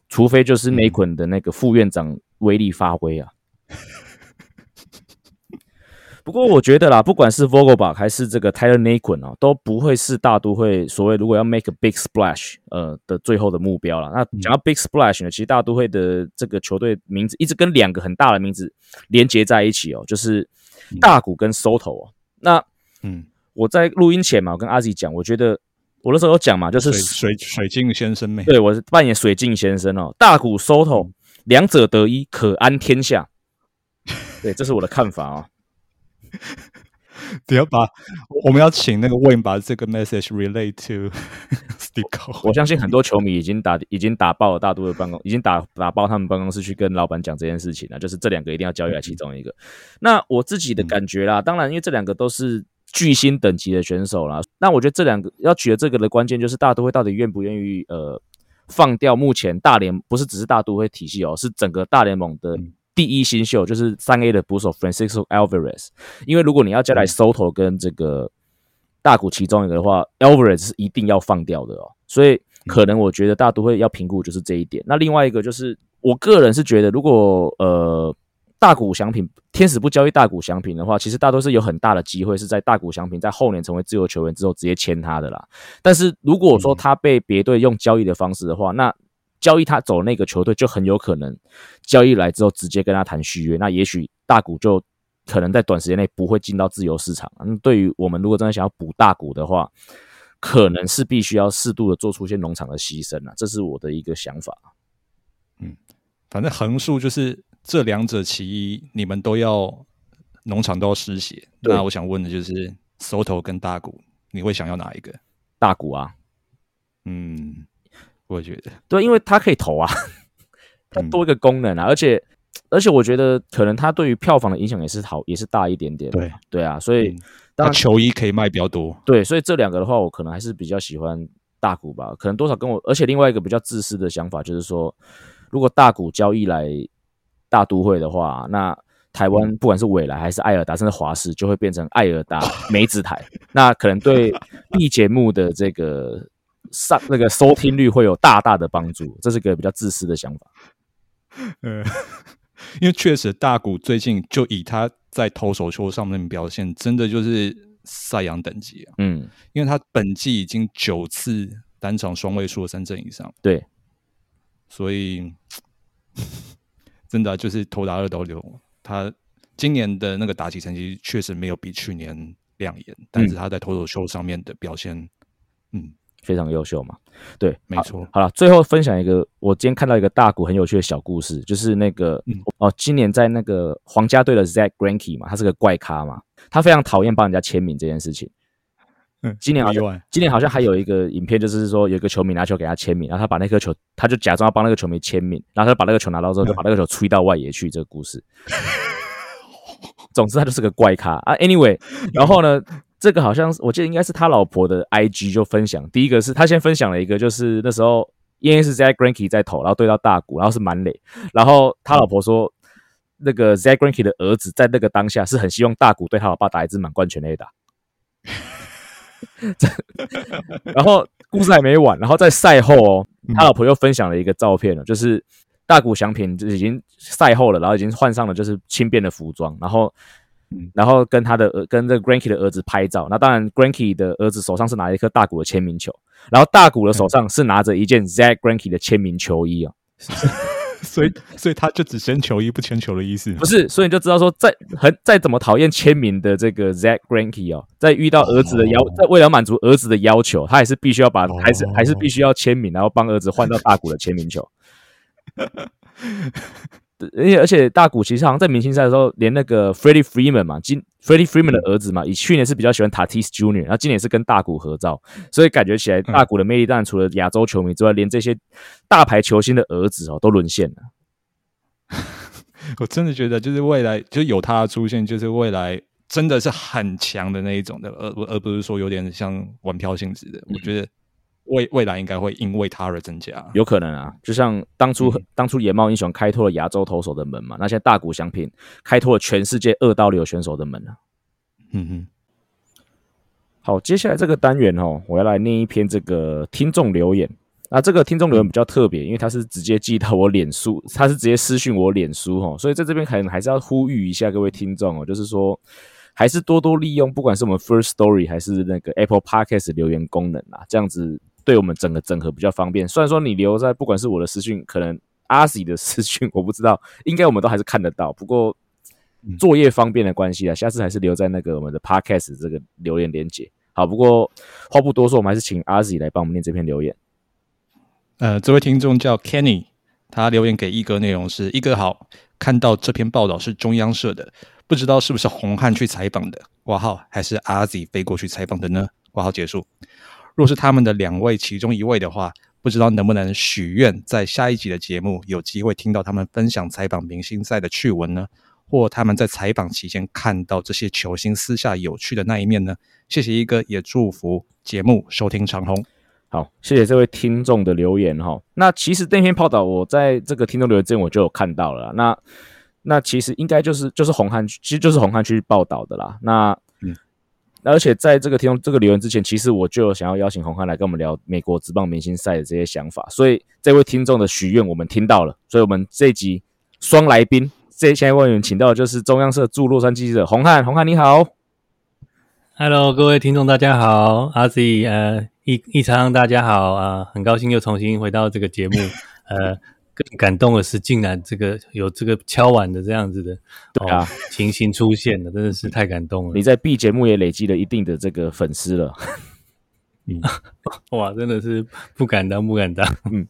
除非就是梅昆的那個副院長威力發揮啊。 [laughs] [laughs] 不過我覺得啦，不管是 Vogelbach 還是這個 Tyler Naquin 哦，都不會是大都會所謂如果要 make a big splash 呃的最後的目標了。那講到 big splash 呢，其實大都會的這個球隊名字一直跟兩個很大的名字連接在一起哦，就是大谷跟 Soto 哦、嗯。那嗯，我在錄音前嘛，我跟阿 Z 講，我覺得我那時候有講嘛，就是水水鏡先生妹，對我是扮演水鏡先生哦，大谷 Soto、嗯、兩者得一可安天下。對，這是我的看法啊、哦。只要把我們要請那個 Win 把這個 message relay to Stico。我，我相信很多球迷已經打已經打爆了大都會辦公，已經打打爆他們辦公室去跟老板講這件事情了、啊。就是這兩個一定要交易來其中一個、嗯。那我自己的感覺啦，當然因為這兩個都是巨星等級的選手啦，嗯、那我覺得這兩個要取得這個的關鍵，就是大都會到底願不願意呃放掉目前大聯不是只是大都會體系哦，是整個大聯盟的、嗯。第一新秀就是三 A 的捕手 Francisco Alvarez，因為如果你要加來 SOTO 跟這個大谷其中一個的話，Alvarez 是一定要放掉的哦，所以可能我覺得大都會要評估就是這一點。那另外一個就是，我個人是覺得，如果呃大谷翔平天使不交易大谷翔平的話，其實大都是有很大的機會是在大谷翔平在後年成為自由球員之後直接簽他的啦。但是如果說他被別隊用交易的方式的話，那交易他走那個球隊就很有可能交易來之後直接跟他談續約，那也許大股就可能在短時間內不會進到自由市場。那對於我們如果真的想要補大股的話，可能是必須要適度的做出一些農場的犧牲了啊。這是我的一個想法。嗯，反正橫豎就是這兩者其一，你們都要農場都要失血。那我想問的就是，Soto 跟大股，你會想要哪一個？大股啊？嗯。我覺得對，因為它可以投啊，它多一個功能啊，嗯、而且而且我覺得可能它對於票房的影響也是好，也是大一點點。對對啊，所以它球衣可以賣比較多。對，所以這兩個的話，我可能還是比較喜歡大谷吧，可能多少跟我，而且另外一個比較自私的想法就是說，如果大谷交易來大都會的話，那台灣不管是緯來還是愛爾達，甚至華視，就會變成愛爾達梅子台， [laughs] 那可能對 B 節目的這個。上那個收聽率會有大大的幫助，這是個比較自私的想法。呃、因為確實大谷最近就以他在投手丘上面表現，真的就是賽揚等級、啊、嗯，因為他本季已經九次單場雙位數三振以上，對，所以真的、啊、就是投打二刀流。他今年的那個打擊成績確實沒有比去年亮眼，但是他在投手丘上面的表現，嗯。嗯非常優秀嘛？對，沒錯。好了，最後分享一個，我今天看到一個大股很有趣的小故事，就是那個、嗯、哦，今年在那個皇家隊的 Zack Greinke 嘛，他是個怪咖嘛，他非常討厭幫人家簽名這件事情。嗯，今年好像，今年好像還有一個影片，就是說有一個球迷拿球給他簽名，然後他把那個球，他就假裝要幫那個球迷簽名，然後他就把那個球拿到之後，嗯、就把那個球吹到外野去。這個故事，嗯、總之他就是個怪咖啊。Anyway，然後呢？嗯嗯這個好像我記得應該是他老婆的 IG 就分享，第一個是他先分享了一個，就是那時候因為 [laughs] 是 Zack Greinke 在投，然後對到大谷，然後是滿壘，然後他老婆說，嗯、那個 Zack Greinke 的兒子在那個當下是很希望大谷對他老爸打一支滿貫全壘打。 [laughs] [laughs] 然後故事還沒完，然後在賽後哦，他老婆又分享了一個照片，就是大谷翔平就已經賽後了，然後已經換上了就是輕便的服裝，然後。嗯、然後跟他的兒，跟這個 Greinke 的兒子拍照。那當然，Greinke 的兒子手上是拿了一顆大谷的簽名球，然後大谷的手上是拿着一件 Zack Greinke 的簽名球衣哦。是是 [laughs] 所以，所以他就只簽球衣不簽球的意思。不是，所以你就知道說在，在很再怎麼討厭簽名的這個 Zack Greinke 哦，在遇到兒子的要、哦，在為了滿足兒子的要求，他還是必須要把，哦、還是還是必須要簽名，然後幫兒子換到大谷的簽名球。 [laughs] 而且而且，大谷其實好像在明星賽的時候，連那個 Freddie Freeman 嘛，今，Freddie Freeman 的兒子嘛，以去年是比較喜歡 Tatis Junior，然後今年也是跟大谷合照，所以感覺起來大谷的魅力，當然除了亞洲球迷之外、嗯，連這些大牌球星的兒子哦，都淪陷了。 [laughs] 我真的覺得，就是未來，就是有他的出現，就是未來真的是很強的那一種的，而而不是說有點像玩票性質的、嗯。我覺得。未未來應該會因為他而增加，有可能啊，就像當初、嗯、當初野茂英雄開拓了亞洲投手的門嘛，那現在大谷翔平開拓了全世界二刀流選手的門。嗯、啊、嗯哼，好，接下來這個單元哦、喔，我要來念一篇這個聽眾留言啊，那這個聽眾留言比較特別，因為他是直接寄到我臉書，他是直接私訊我臉書哦、喔。所以在這邊可能還是要呼籲一下各位聽眾哦、喔，就是說還是多多利用，不管是我們 First Story 還是那個 Apple Podcast 留言功能啊，這樣子。對我們整個整合比較方便。雖然說你留在不管是我的私訊，可能阿 Z 的私訊，我不知道，應該我們都還是看得到。不過作業方便的關係啊，下次還是留在那個我們的 Podcast 這個留言連結。好，不過話不多說，我們還是請阿 Z 來幫我們念這篇留言。呃，這位聽眾叫 Kenny，他留言給奕哥，內容是奕哥好，看到這篇報道是中央社的，不知道是不是宏翰去採訪的，括號還是阿 Z 飛過去採訪的呢？括號結束。若是他們的兩位其中一位的話，不知道能不能許願在下一集的節目有機會聽到他們分享採訪明星賽的趣聞呢，或他們在採訪期間看到這些球星私下有趣的那一面呢？謝謝奕哥，也祝福節目收聽長紅。好，謝謝這位聽眾的留言哈、哦。那其實這篇報道我在這個聽眾留言之前我就有看到了啦，那那其實應該就是就是宏翰，其實就是宏翰去報道的啦。那而且在這個聽眾這個留言之前，其實我就想要邀請宏翰來跟我們聊美國職棒明星賽的這些想法。所以這位聽眾的許願我們聽到了，所以我們這一集雙來賓，這下一位我們請到的就是中央社駐洛杉磯記者宏翰。宏翰你好，Hello，各位聽眾大家好，阿 Z，呃，奕奕昌大家好啊、呃，很高興又重新回到這個節目， [laughs] 呃。更感動的是，竟然這個有這個敲碗的這樣子的，對啊，哦，情形出現了， [laughs] 真的是太感動了。你在 B 節目也累積了一定的這個粉絲了，嗯， [laughs] 哇，真的是不敢當，不敢當，嗯。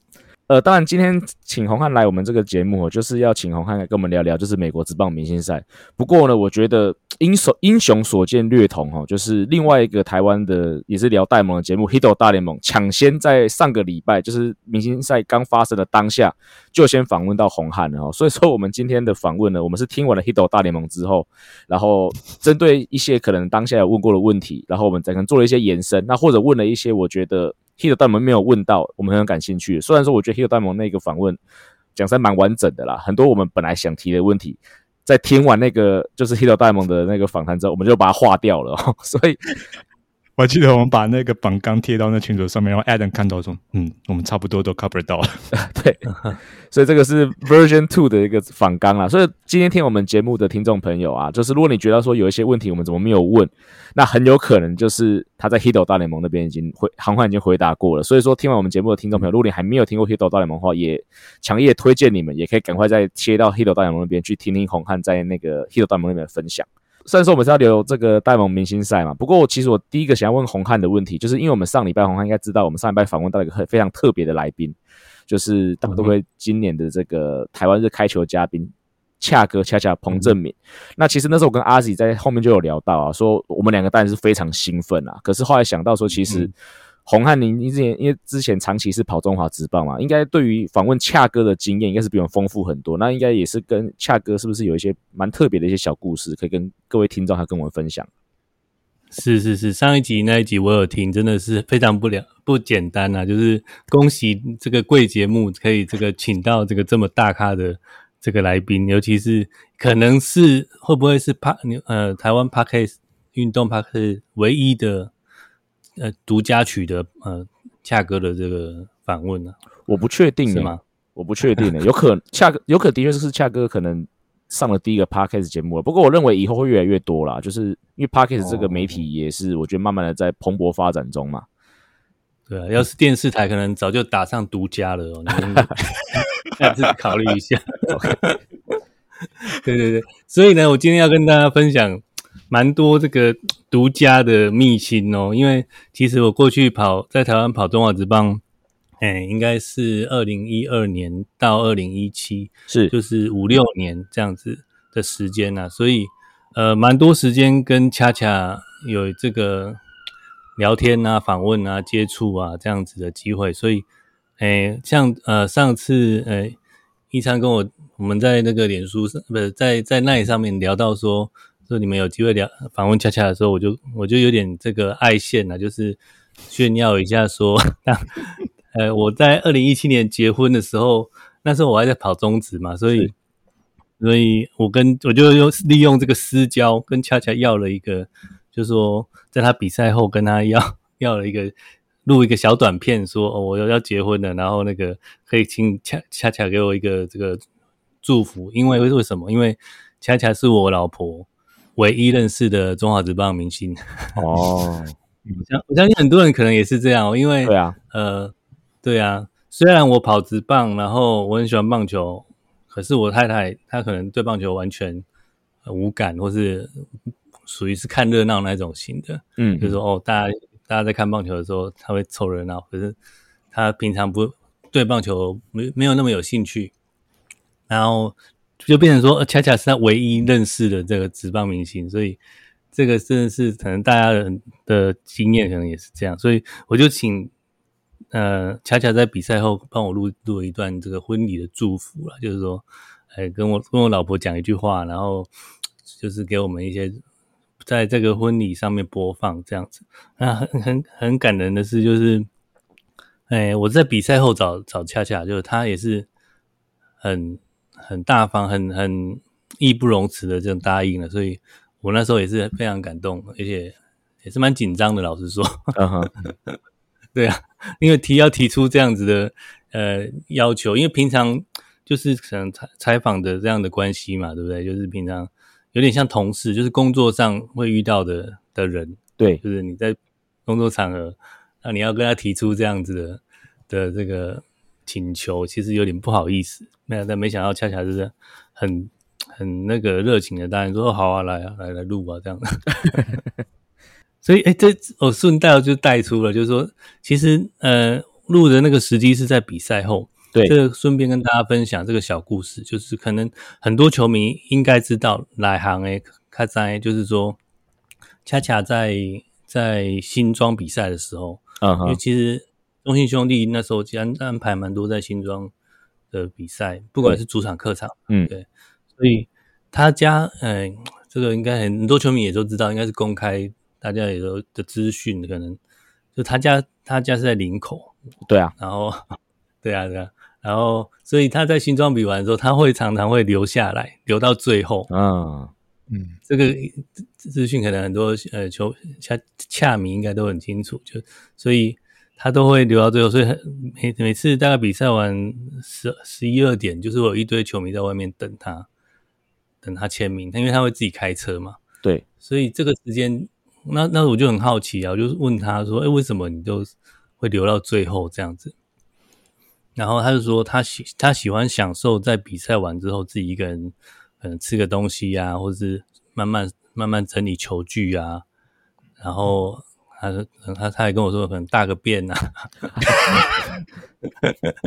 呃，當然，今天請宏翰來我們這個節目哦，就是要請宏翰來跟我們聊聊，就是美國職棒明星賽。不過呢，我覺得英雄英雄所見略同哦，就是另外一個台灣的也是聊大聯盟的節目《Hito 大聯盟》，搶先在上個禮拜，就是明星賽剛發生的當下，就先訪問到宏翰了哦。所以說，我們今天的訪問呢，我們是聽完了《Hito 大聯盟》之後，然後針對一些可能當下有問過的問題，然後我們再可能做了一些延伸，那或者問了一些我覺得。h i t l 戴蒙沒有問到，我們很感興趣。雖然說，我覺得 h i t l 戴蒙那個訪問講的蠻完整的啦，很多我們本來想提的問題，在聽完那個就是 h i t l 戴蒙的那個訪談之後，我們就把它劃掉了。所以。 [laughs] 我記得我們把那個訪綱貼到那群組上面，然後 Adam 看到說：“嗯，我們差不多都 cover 到了。 [laughs] ”對，所以這個是 Version Two 的一個訪綱啦。所以今天聽我們節目的聽眾朋友啊，就是如果你覺得說有一些問題我們怎麼沒有問，那很有可能就是他在 Hito 大聯盟那邊已經回，宏翰已經回答過了。所以說聽完我們節目的聽眾朋友，如果你還沒有聽過 Hito 大聯盟的話，也強烈推薦你們也可以趕快再切到 Hito 大聯盟那邊去聽聽宏翰在那個 Hito 大聯盟那邊的分享。雖然說我們是要留這個大聯盟明星賽嘛，不過其實我第一個想要問宏翰的問題，就是因為我們上禮拜宏翰應該知道，我們上禮拜訪問到了一個非常特別的來賓，就是大都會今年的這個台灣日開球嘉賓恰哥恰恰彭政閔、嗯。那其實那時候我跟阿 Z 在後面就有聊到啊，說我們兩個當然是非常興奮啊，可是後來想到說其實、嗯。宏翰林，你之前因為之前長期是跑中華職棒嘛，應該對於訪問恰哥的經驗應該是比我豐富很多，那應該也是跟恰哥是不是有一些蠻特別的一些小故事，可以跟各位聽眾還跟我們分享？是是是，上一集那一集我有聽，真的是非常不了，不簡單吶、啊。就是恭喜這個貴節目可以這個請到這個這麼大咖的這個來賓，尤其是可能是會不會是帕呃台灣 Podcast 運動 Podcast 唯一的。呃，獨家取得呃，恰哥的這個訪問呢、啊？我不確定的嗎？我不確定的， [laughs] 有可恰哥，有可的確，是恰哥可能上了第一個 Podcast 節目了。不過，我認為以後會越來越多啦，就是因為 Podcast、哦、這個媒體也是，我覺得慢慢的在蓬勃發展中嘛、嗯。對啊，要是電視台可能早就打上獨家了哦。下次 [laughs] [laughs] 考慮一下。 [laughs] Okay . [laughs] 對對對，所以呢，我今天要跟大家分享。蠻多這個獨家的秘辛哦，因為其實我過去跑在台灣跑中華職棒，哎，應該是二零一二年到二零一七，是就是五六年這樣子的時間啊。所以呃，蠻多時間跟恰恰有這個聊天啊、訪問啊、接觸啊這樣子的機會，所以哎，像呃上次哎奕昌跟我我們在那個臉書上，不是在在 LINE 上面聊到說。說你們有機會聊訪問恰恰的時候，我就我就有點這個愛現吶，就是炫耀一下說，呃，我在二零一七年結婚的時候，那時候我還在跑中職嘛，所以，所以我跟我就用利用這個私交跟恰恰要了一個，就是、說在他比賽後跟他要要了一個錄一個小短片說，說、哦、我要要結婚了，然後那個可以請恰恰恰給我一個這個祝福，因為為什麼？因為恰恰是我老婆唯一認識的中華職棒明星哦，相我相信很多人可能也是這樣，因為對啊，呃，對啊，雖然我跑職棒，然後我很喜歡棒球，可是我太太她可能對棒球完全、呃、無感，或是屬於是看熱鬧那種型的，嗯，就是說哦，大家大家在看棒球的時候，她會湊熱鬧，可是她平常不對棒球沒沒有那麼有興趣，然後。就變成說，恰恰是他唯一認識的這個職棒明星，所以這個真的是可能大家的經驗，可能也是這樣。所以我就請呃，恰恰在比賽後幫我錄錄一段這個婚禮的祝福了、啊，就是說，哎，跟我跟我老婆講一句話，然後就是給我們一些在這個婚禮上面播放這樣子。那很很很感人的是，就是哎、欸，我在比賽後找找恰恰，就是他也是很。很大方，很很義不容辭的這種答應了，所以我那時候也是非常感動，而且也是蠻緊張的，老實說。uh -huh. [laughs] 對啊，因為提要提出這樣子的呃要求，因為平常就是可能採採訪的這樣的關係嘛，對不對？就是平常有點像同事，就是工作上會遇到的的人，對，就是你在工作場合，那、啊、你要跟他提出這樣子的的這個。請求其實有點不好意思，沒有，但沒想到恰恰就是很很那個熱情的，當然說好啊，來啊，來來錄啊，這樣的。 [laughs] 所以，誒、欸、這我順道就帶出了，就是說，其實呃，錄的那個時機是在比賽後。對，這順便跟大家分享這個小故事，就是可能很多球迷應該知道來行，萊航卡開齋，就是說，恰恰在在新莊比賽的時候，嗯、uh -huh.，其實。中信兄弟那時候安安排蠻多在新莊的比賽，不管是主場客場，嗯，對，所以他家，哎、呃，這個應該很很多球迷也都知道，應該是公開，大家也都的資訊，可能就他家他家是在林口，對啊，然後 [laughs] 對啊對啊，然後所以他在新莊比完之後，他會常常會留下來，留到最後，嗯、啊、嗯，這個資訊可能很多呃球恰恰迷應該都很清楚，就所以。他都會留到最後，所以每每次大概比賽完十十一二點，就是我有一堆球迷在外面等他，等他簽名。他因為他會自己開車嘛，對，所以這個時間，那那我就很好奇啊，我就問他說：“哎，為什麼你都會留到最後這樣子？”然後他就說：“他喜他喜歡享受在比賽完之後自己一個人，可能吃個東西呀、啊，或者是慢慢慢慢整理球具啊，然後。”他說：“他他也跟我說，可能大個便吶、啊。”哈哈哈哈哈！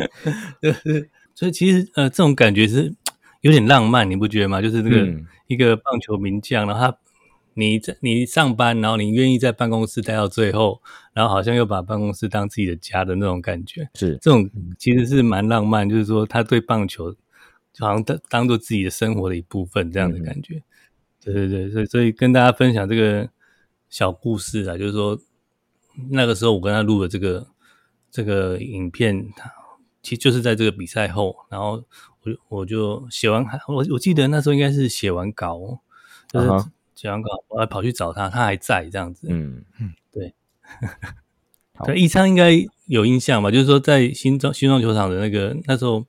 就是所以其實呃，這種感覺是有點浪漫，你不覺得嗎？就是這個、嗯、一個棒球名將，然後他，你在，你上班，然後你願意在辦公室待到最後，然後好像又把辦公室當自己的家的那種感覺，是這種其實是蠻浪漫。就是說他對棒球就好像當當做自己的生活的一部分這樣的感覺。嗯、對對對，所以所以跟大家分享這個。小故事啊，就是說那個時候我跟他錄了這個這個影片，他其實就是在這個比賽後，然後我我就寫完，我我記得那時候應該是寫完稿，哦，就是寫完稿，我還跑去找他，他還在這樣子，嗯嗯，對。他 [laughs] 奕昌應該有印象吧？就是說在新莊新莊球場的那個那時候，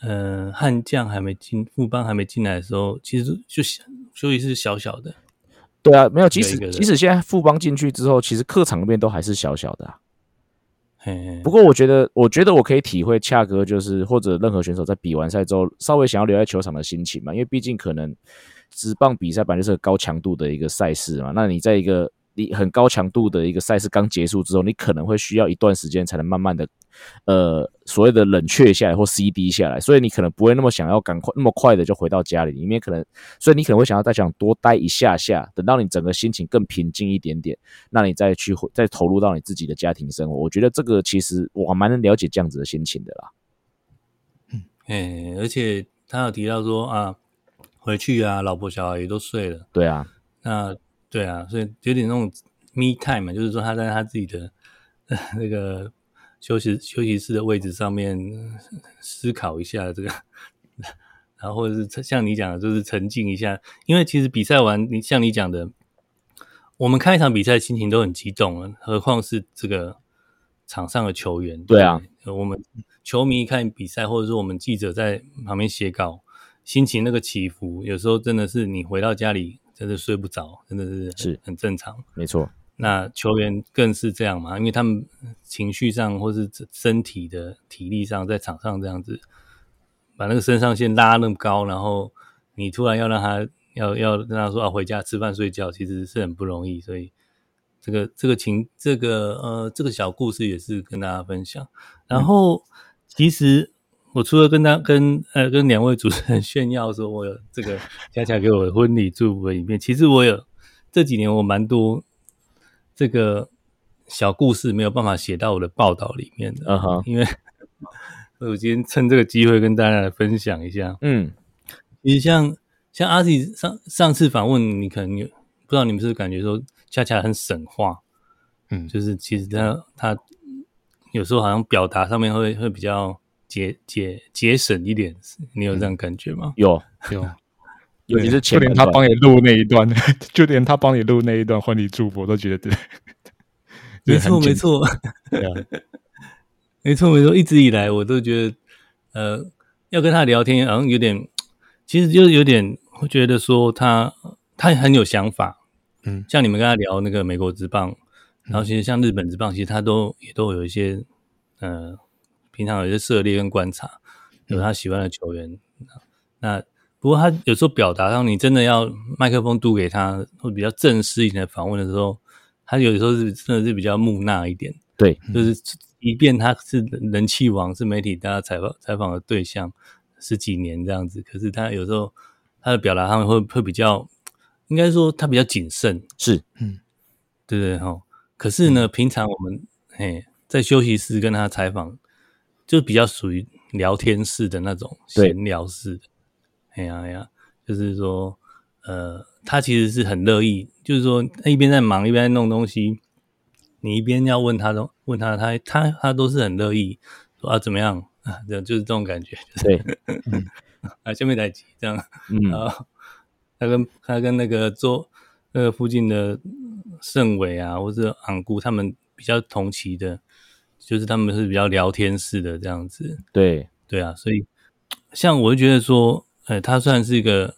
嗯、呃、悍將還沒進，富邦還沒進來的時候，其實就休息是小小的。對啊，沒有，即使即使現在富邦進去之後，其實客場裡面都還是小小的啊嘿嘿。不過我覺得，我覺得我可以體會恰哥，就是或者任何選手在比完賽之後，稍微想要留在球場的心情嘛。因為畢竟可能職棒比賽本來就是個高強度的一個賽事嘛，那你在一個。你很高強度的一個賽事剛結束之後，你可能會需要一段時間才能慢慢的，呃，所謂的冷卻下來或 CD 下來，所以你可能不會那麼想要趕快那麼快的就回到家裡，因為可能，所以你可能會想要再想多待一下下，等到你整個心情更平靜一點點，那你再去回再投入到你自己的家庭生活。我覺得這個其實我蠻能了解這樣子的心情的啦。嗯，而且他有提到說啊，回去啊，老婆小孩也都睡了，對啊，那。對啊，所以有點那種 me time 嘛，就是說他在他自己的那個休息休息室的位置上面思考一下這個，然後或者是像你講的，就是沉浸一下。因為其實比賽完，你像你講的，我們看一場比賽心情都很激動啊，何況是這個場上的球員。對啊，對我們球迷一看比賽，或者說我們記者在旁邊寫稿，心情那個起伏，有時候真的是你回到家裡。真的睡不着，真的是很是很正常，沒錯。那球員更是這樣嘛，因為他們情緒上或是身體的體力上，在場上這樣子，把那個腎上腺拉那麼高，然後你突然要讓他要要跟他說啊，回家吃飯睡覺，其實是很不容易。所以這個這個情這個呃這個小故事也是跟大家分享。然後、嗯、其實。我除了跟他、跟呃、跟兩位主持人炫耀說，我有這個恰恰給我的婚禮祝福的影片，其實我有這幾年我蠻多這個小故事沒有辦法寫到我的報道裡面的，啊哈，因為我今天趁這個機會跟大家來分享一下，嗯，其實像像阿弟上上次訪問，你可能有不知道你們是不是感覺說恰恰很省話？嗯，就是其實他他有時候好像表達上面會會比較。節節節省一點，你有這樣感覺嗎？有、嗯、有，有，其實 [laughs] 就連他幫你錄那一段， [laughs] 就連他幫你錄那一段婚禮祝福，我都覺得沒錯沒錯，沒錯沒錯、 [laughs] 啊。一直以來我都覺得，呃，要跟他聊天，嗯，有點，其實就是有點，我覺得說他他很有想法，嗯，像你們跟他聊那個美國職棒、嗯，然後其實像日本職棒，其實他都也都有一些，嗯、呃。平常有些涉獵跟觀察，有、就是、他喜歡的球員。嗯、那不過他有時候表達上，你真的要麥克風嘟給他，或比較正式一點訪問的時候，他有時候是真的是比較木訥一點。對，就是即便他是人氣王，嗯、是媒體大家採訪採訪的對象十幾年這樣子，可是他有時候他的表達上會會比較，應該說他比較謹慎。是，嗯，對對、哦？哈。可是呢，平常我們哎、嗯、在休息室跟他採訪。就比較屬於聊天式的那種閒聊式的，哎呀哎呀，嘿啊嘿啊就是說，呃，他其實是很樂意，就是說，他一邊在忙，一邊在弄東西，你一邊要問他都問他，他，他他他都是很樂意，說啊怎麼樣啊，就就是這種感覺。對，啊、 [laughs] 嗯，先別太急，這樣，嗯，啊，他跟他跟那個坐那個附近的盛偉啊，或者昂姑他們比較同期的。就是他們是比較聊天式的這樣子，對對啊，所以像我會覺得說，誒、欸、他算是一個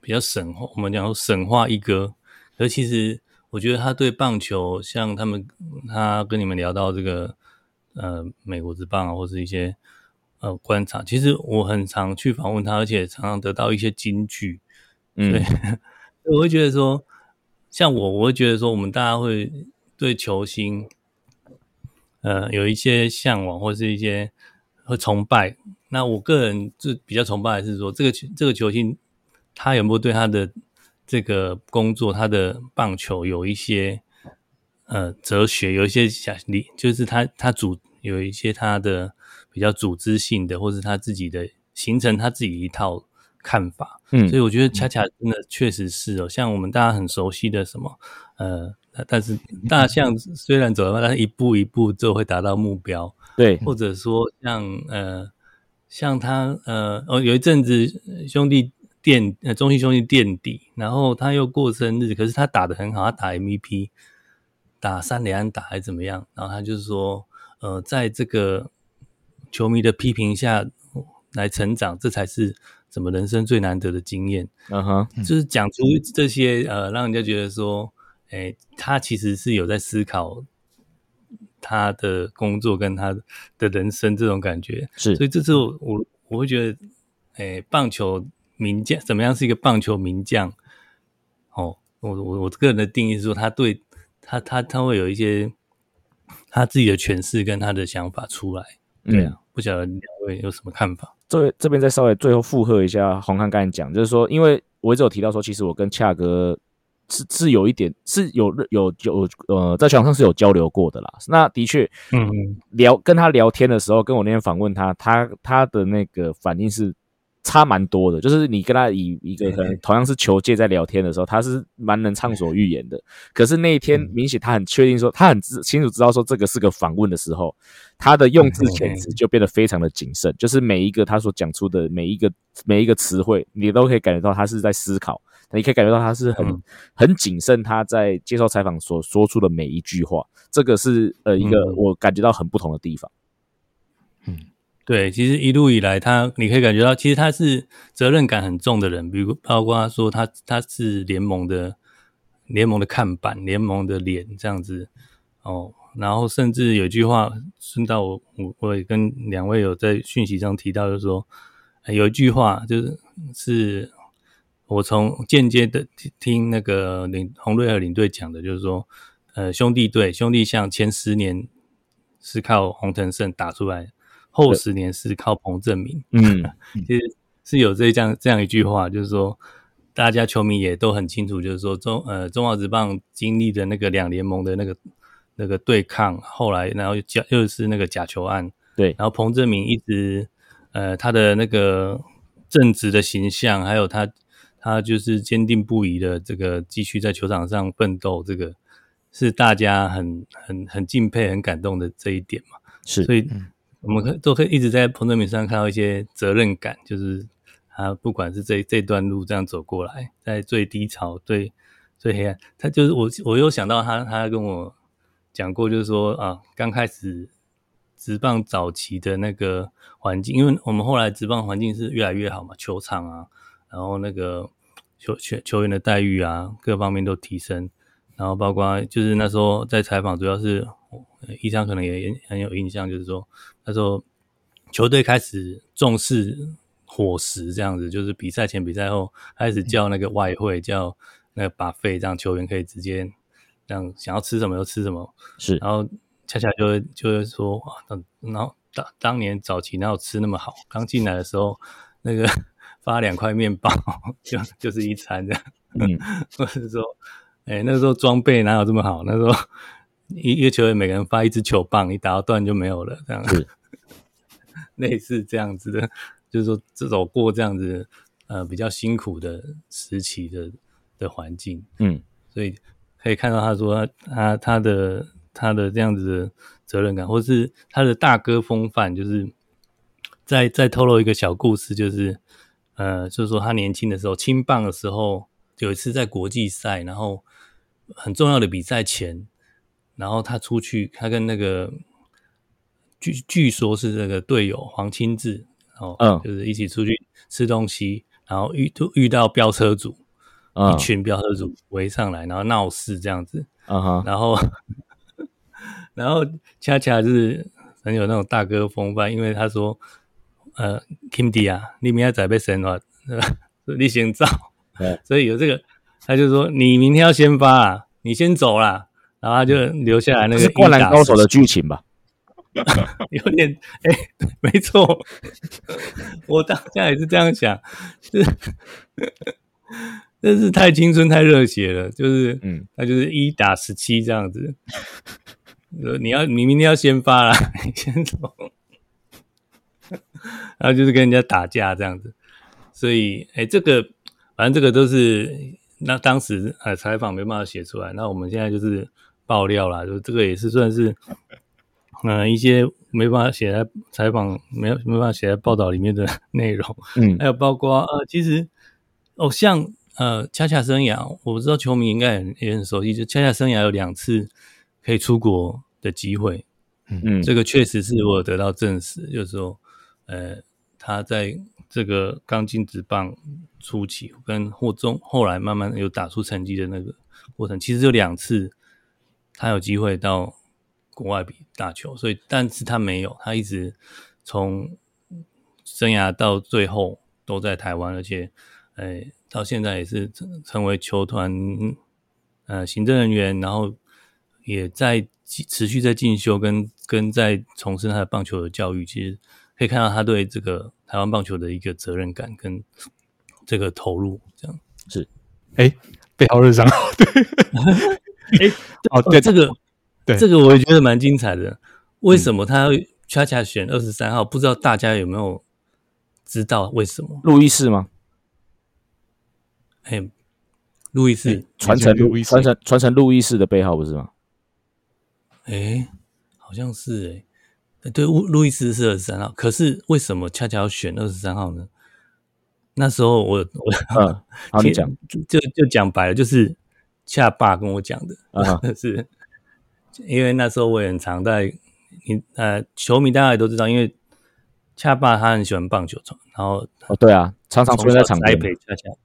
比較省，我們講省話一哥，可是其實我覺得他對棒球，像他們他跟你們聊到這個呃美國職棒啊，或是一些呃觀察，其實我很常去訪問他，而且常常得到一些金句，所以嗯， [laughs] 我會覺得說，像我我會覺得說，我們大家會對球星。呃，有一些嚮往，或是一些會崇拜。那我個人就比較崇拜的是說，這個這個球星，他有沒有對他的這個工作，他的棒球有一些呃哲學，有一些想理，就是他他主有一些他的比較組織性的，或是他自己的形成他自己一套看法。嗯，所以我覺得恰恰真的確實是哦、嗯，像我們大家很熟悉的什麼。呃，但是大象雖然走的慢，但是一步一步就會達到目標。對，或者說像呃，像他呃，哦，有一陣子兄弟墊呃，中信兄弟墊底，然後他又過生日，可是他打得很好，他打 MVP，打三連打還是怎麼樣？然後他就是說，呃，在這個球迷的批評下，來成長，這才是什麼人生最難得的經驗？嗯哼，就是講出這些呃，讓人家覺得說。誒，他其實是有在思考他的工作跟他的人生這種感覺，是所以這次我我會覺得，誒，棒球名將怎麼樣是一個棒球名將？哦，我我我個人的定義是說，他對他他他會有一些他自己的詮釋跟他的想法出來。對啊，嗯、不曉得你兩位有什麼看法？這這邊再稍微最後附和一下，宏翰剛才講，就是說，因為我一直有提到說，其實我跟恰哥。是是有一點，是有有有呃，在球場上是有交流過的啦。那的確，嗯，聊跟他聊天的時候，跟我那天訪問他，他他的那個反應是差蠻多的。就是你跟他以一個同樣是球界在聊天的時候，他是蠻能暢所欲言的。嗯、可是那一天、嗯，明顯他很確定說，他很清楚知道說這個是個訪問的時候，他的用字遣詞就變得非常的謹慎、嗯。就是每一個他所講出的每一個每一個詞彙，你都可以感覺到他是在思考。你可以感覺到他是很、嗯、很謹慎，他在接受採訪所說出的每一句話，這個是呃一個我感覺到很不同的地方。嗯，嗯對，其實一路以來他，他你可以感覺到，其實他是責任感很重的人，比如包括說他他是聯盟的聯盟的看板，聯盟的臉這樣子哦。然後甚至有一句話，順道我我也跟兩位有在訊息上提到，就是說、哎、有一句話就是是。我從間接的聽那個領洪瑞河領隊講的，就是說，呃，兄弟隊兄弟像前十年是靠洪騰勝打出來，後十年是靠彭政閔。嗯，嗯其實是有這樣這樣一句話，就是說，大家球迷也都很清楚，就是說中呃中華職棒經歷的那個兩聯盟的那個那個對抗，後來然後又又是那個假球案，對，然後彭政閔一直呃他的那個正直的形象，還有他。他就是堅定不移的這個繼續在球場上奮鬥，這個是大家很很很敬佩、很感動的這一點嘛。是，所以我們可都可以一直在彭政閔身上看到一些責任感，就是他不管是這這段路這樣走過來，在最低潮、最最黑暗，他就是我，我又想到他，他跟我講過，就是說啊，剛開始職棒早期的那個環境，因為我們後來職棒環境是越來越好嘛，球場啊。然後那個球球球員的待遇啊，各方面都提升。然後包括就是那時候在採訪，主要是奕昌可能也很有印象，就是說他說球隊開始重視伙食這樣子，就是比賽前、比賽後開始叫那個外燴，叫那個 buffet，讓球員可以直接讓想要吃什麼就吃什麼。是，然後恰恰就會就是會說哇，當然後當當年早期哪有吃那麼好？剛進來的時候那個。 [laughs] 發兩塊麵包，就就是一餐這樣。嗯、mm -hmm.，或是說，哎、欸，那時候裝備哪有這麼好？那時候，一個球員每個人發一支球棒，一打到斷就沒有了，這樣。是，類似這樣子的，就是說，這種過這樣子，呃，比較辛苦的時期的的環境。嗯、mm -hmm.，所以可以看到，他說他他,他的他的這樣子的責任感，或是他的大哥風範，就是再再透露一個小故事，就是。呃，就是說他年輕的時候，青棒的時候，有一次在國際賽，然後很重要的比賽前，然後他出去，他跟那個據據說是這個隊友黃清志哦，然後就是一起出去吃東西，嗯、然後遇就遇到飆車族、嗯、一群飆車族圍上來，然後鬧事這樣子，啊、嗯、哈，然後然後恰恰就是很有那種大哥風範，因為他說。呃 k i m d i 啊，你明天要在被生啊，是、呃、吧？你先走、欸。所以有這個，他就說你明天要先發、啊，你先走啦，然後他就留下來那個。嗯、這是灌籃高手的劇情吧？ [laughs] [laughs] 有點，哎、欸，沒錯，我當下也是這樣想，就是，真 [laughs] 是太青春太熱血了，就是，嗯，他就是一打十七這樣子，呃， [laughs] 你要你明天要先發啦，你先走。 [laughs] 然後就是跟人家打架這樣子，所以哎、欸，這個反正這個都是那當時哎，呃、採訪沒辦法寫出來。那我們現在就是爆料啦，就這個也是算是嗯、呃、一些沒辦法寫在採訪沒沒辦法寫在報道裡面的內容。嗯，還有包括呃，其實偶、哦、像呃恰恰生涯，我不知道球迷應該也,也很熟悉，就恰恰生涯有兩次可以出國的機會。嗯嗯，這個確實是我有得到證實，就是說。呃，他在這個剛進職棒初期跟後中，後來慢慢有打出成績的那個過程，其實就兩次，他有機會到國外比打球，所以但是他沒有，他一直從生涯到最後都在台灣，而且，呃到現在也是成成為球團呃行政人員，然後也在持續在進修跟，跟跟在從事他的棒球的教育，其實。可以看到他對這個台灣棒球的一個責任感跟這個投入，這樣是哎、欸，背號是二十三號， [laughs] 欸、 [laughs] 對，哎，哦，對，這個，對，這個我也覺得蠻精彩的。為什麼他恰恰選二十三號，嗯？不知道大家有沒有知道為什麼？路易士嗎？哎、欸，路易士傳、欸、承路傳承傳承路易士的背號不是嗎？哎、欸，好像是哎、欸。對，路路易斯是二十三號，可是為什麼恰恰要選二十三號呢？那時候我我啊，好，你講就就，就講白了，就是恰爸跟我講的啊，呵呵 [laughs] 是因為那時候我也很常在，你呃，球迷大家也都知道，因為恰爸他很喜歡棒球場，然後哦，對啊，常常出現在場邊恰恰，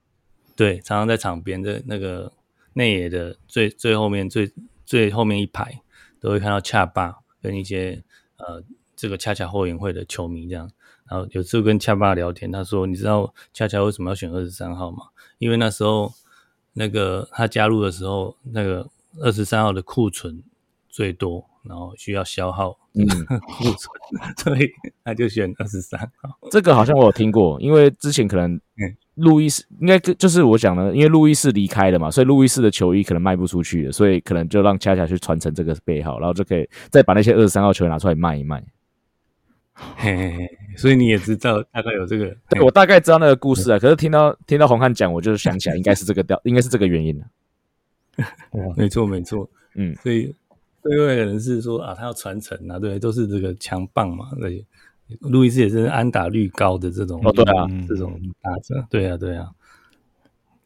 對，常常在場邊的那個內野的最最後面最最後面一排，都會看到恰爸跟一些。呃，這個恰恰後援會的球迷這樣，然後有時候跟恰爸聊天，他說：“你知道恰恰為什麼要選二十三號嗎？因為那時候那個他加入的時候，那個二十三號的庫存最多，然後需要消耗個庫存，所、嗯、以 [laughs] 他就選二十三號。這個好像我有聽過，因為之前可能。”路易斯應該就是我講呢，因為路易斯離開了嘛，所以路易斯的球衣可能賣不出去的，所以可能就讓恰恰去傳承這個背號，然後就可以再把那些二十三號球員拿出來賣一賣。嘿嘿嘿，所以你也知道大概有這個，對我大概知道那個故事啊。可是聽到聽到宏翰講，我就想起來應該是這個掉， [laughs] 應該是這個原因。沒錯沒錯，嗯，所以對外可能是說啊，他要傳承啊，對，都是這個強棒嘛，對。路易斯也是安打率高的這種、哦、對啊，這種打者，嗯，對啊，對啊，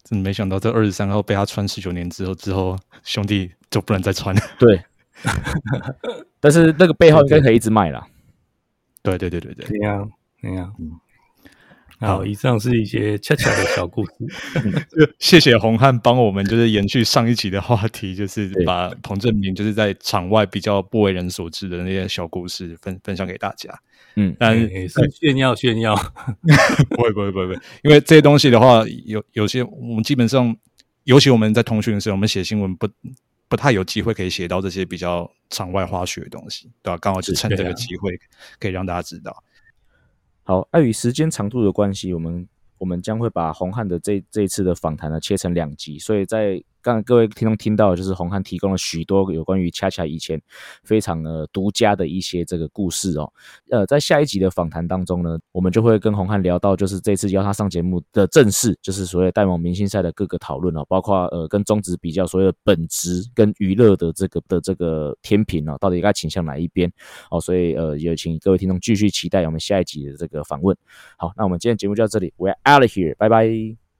真沒想到這二十三號被他穿十九年之後，之後兄弟就不能再穿了。對， [laughs] [laughs] 但是那個背後應該可以一直賣啦。對對對對對，對。對呀，對呀。好，以上是一些恰恰的小故事。 [laughs] [laughs] 謝謝宏翰幫我們，就是延續上一集的話題，就是把彭政閔就是在場外比較不為人所知的那些小故事分分，分享給大家。嗯，但是、嗯、炫耀炫耀。對， [laughs] 不會不會不會，因為這些東西的話，有有些我們基本上，尤其我們在通訊的時候，我們寫新聞不不太有機會可以寫到這些比較場外花絮的東西，對吧、啊？剛好就趁這個機會可以讓大家知道、啊。好，礙、啊、於時間長度的關係，我們我們將會把宏翰的這這一次的訪談呢切成兩集，所以在。讓各位聽眾聽到，就是宏翰提供了許多有關於恰恰以前非常呃獨家的一些這個故事哦。呃，在下一集的訪談當中呢，我們就會跟宏翰聊到，就是這次邀他上節目的正事，就是所謂大聯盟明星賽的各個討論哦，包括呃跟中職比較所謂的本質跟娛樂的這個的這個天平哦，到底該傾向哪一邊哦。所以呃，有請各位聽眾繼續期待我們下一集的這個訪問。好，那我們今天節目就到這裡，We're out of here，拜拜。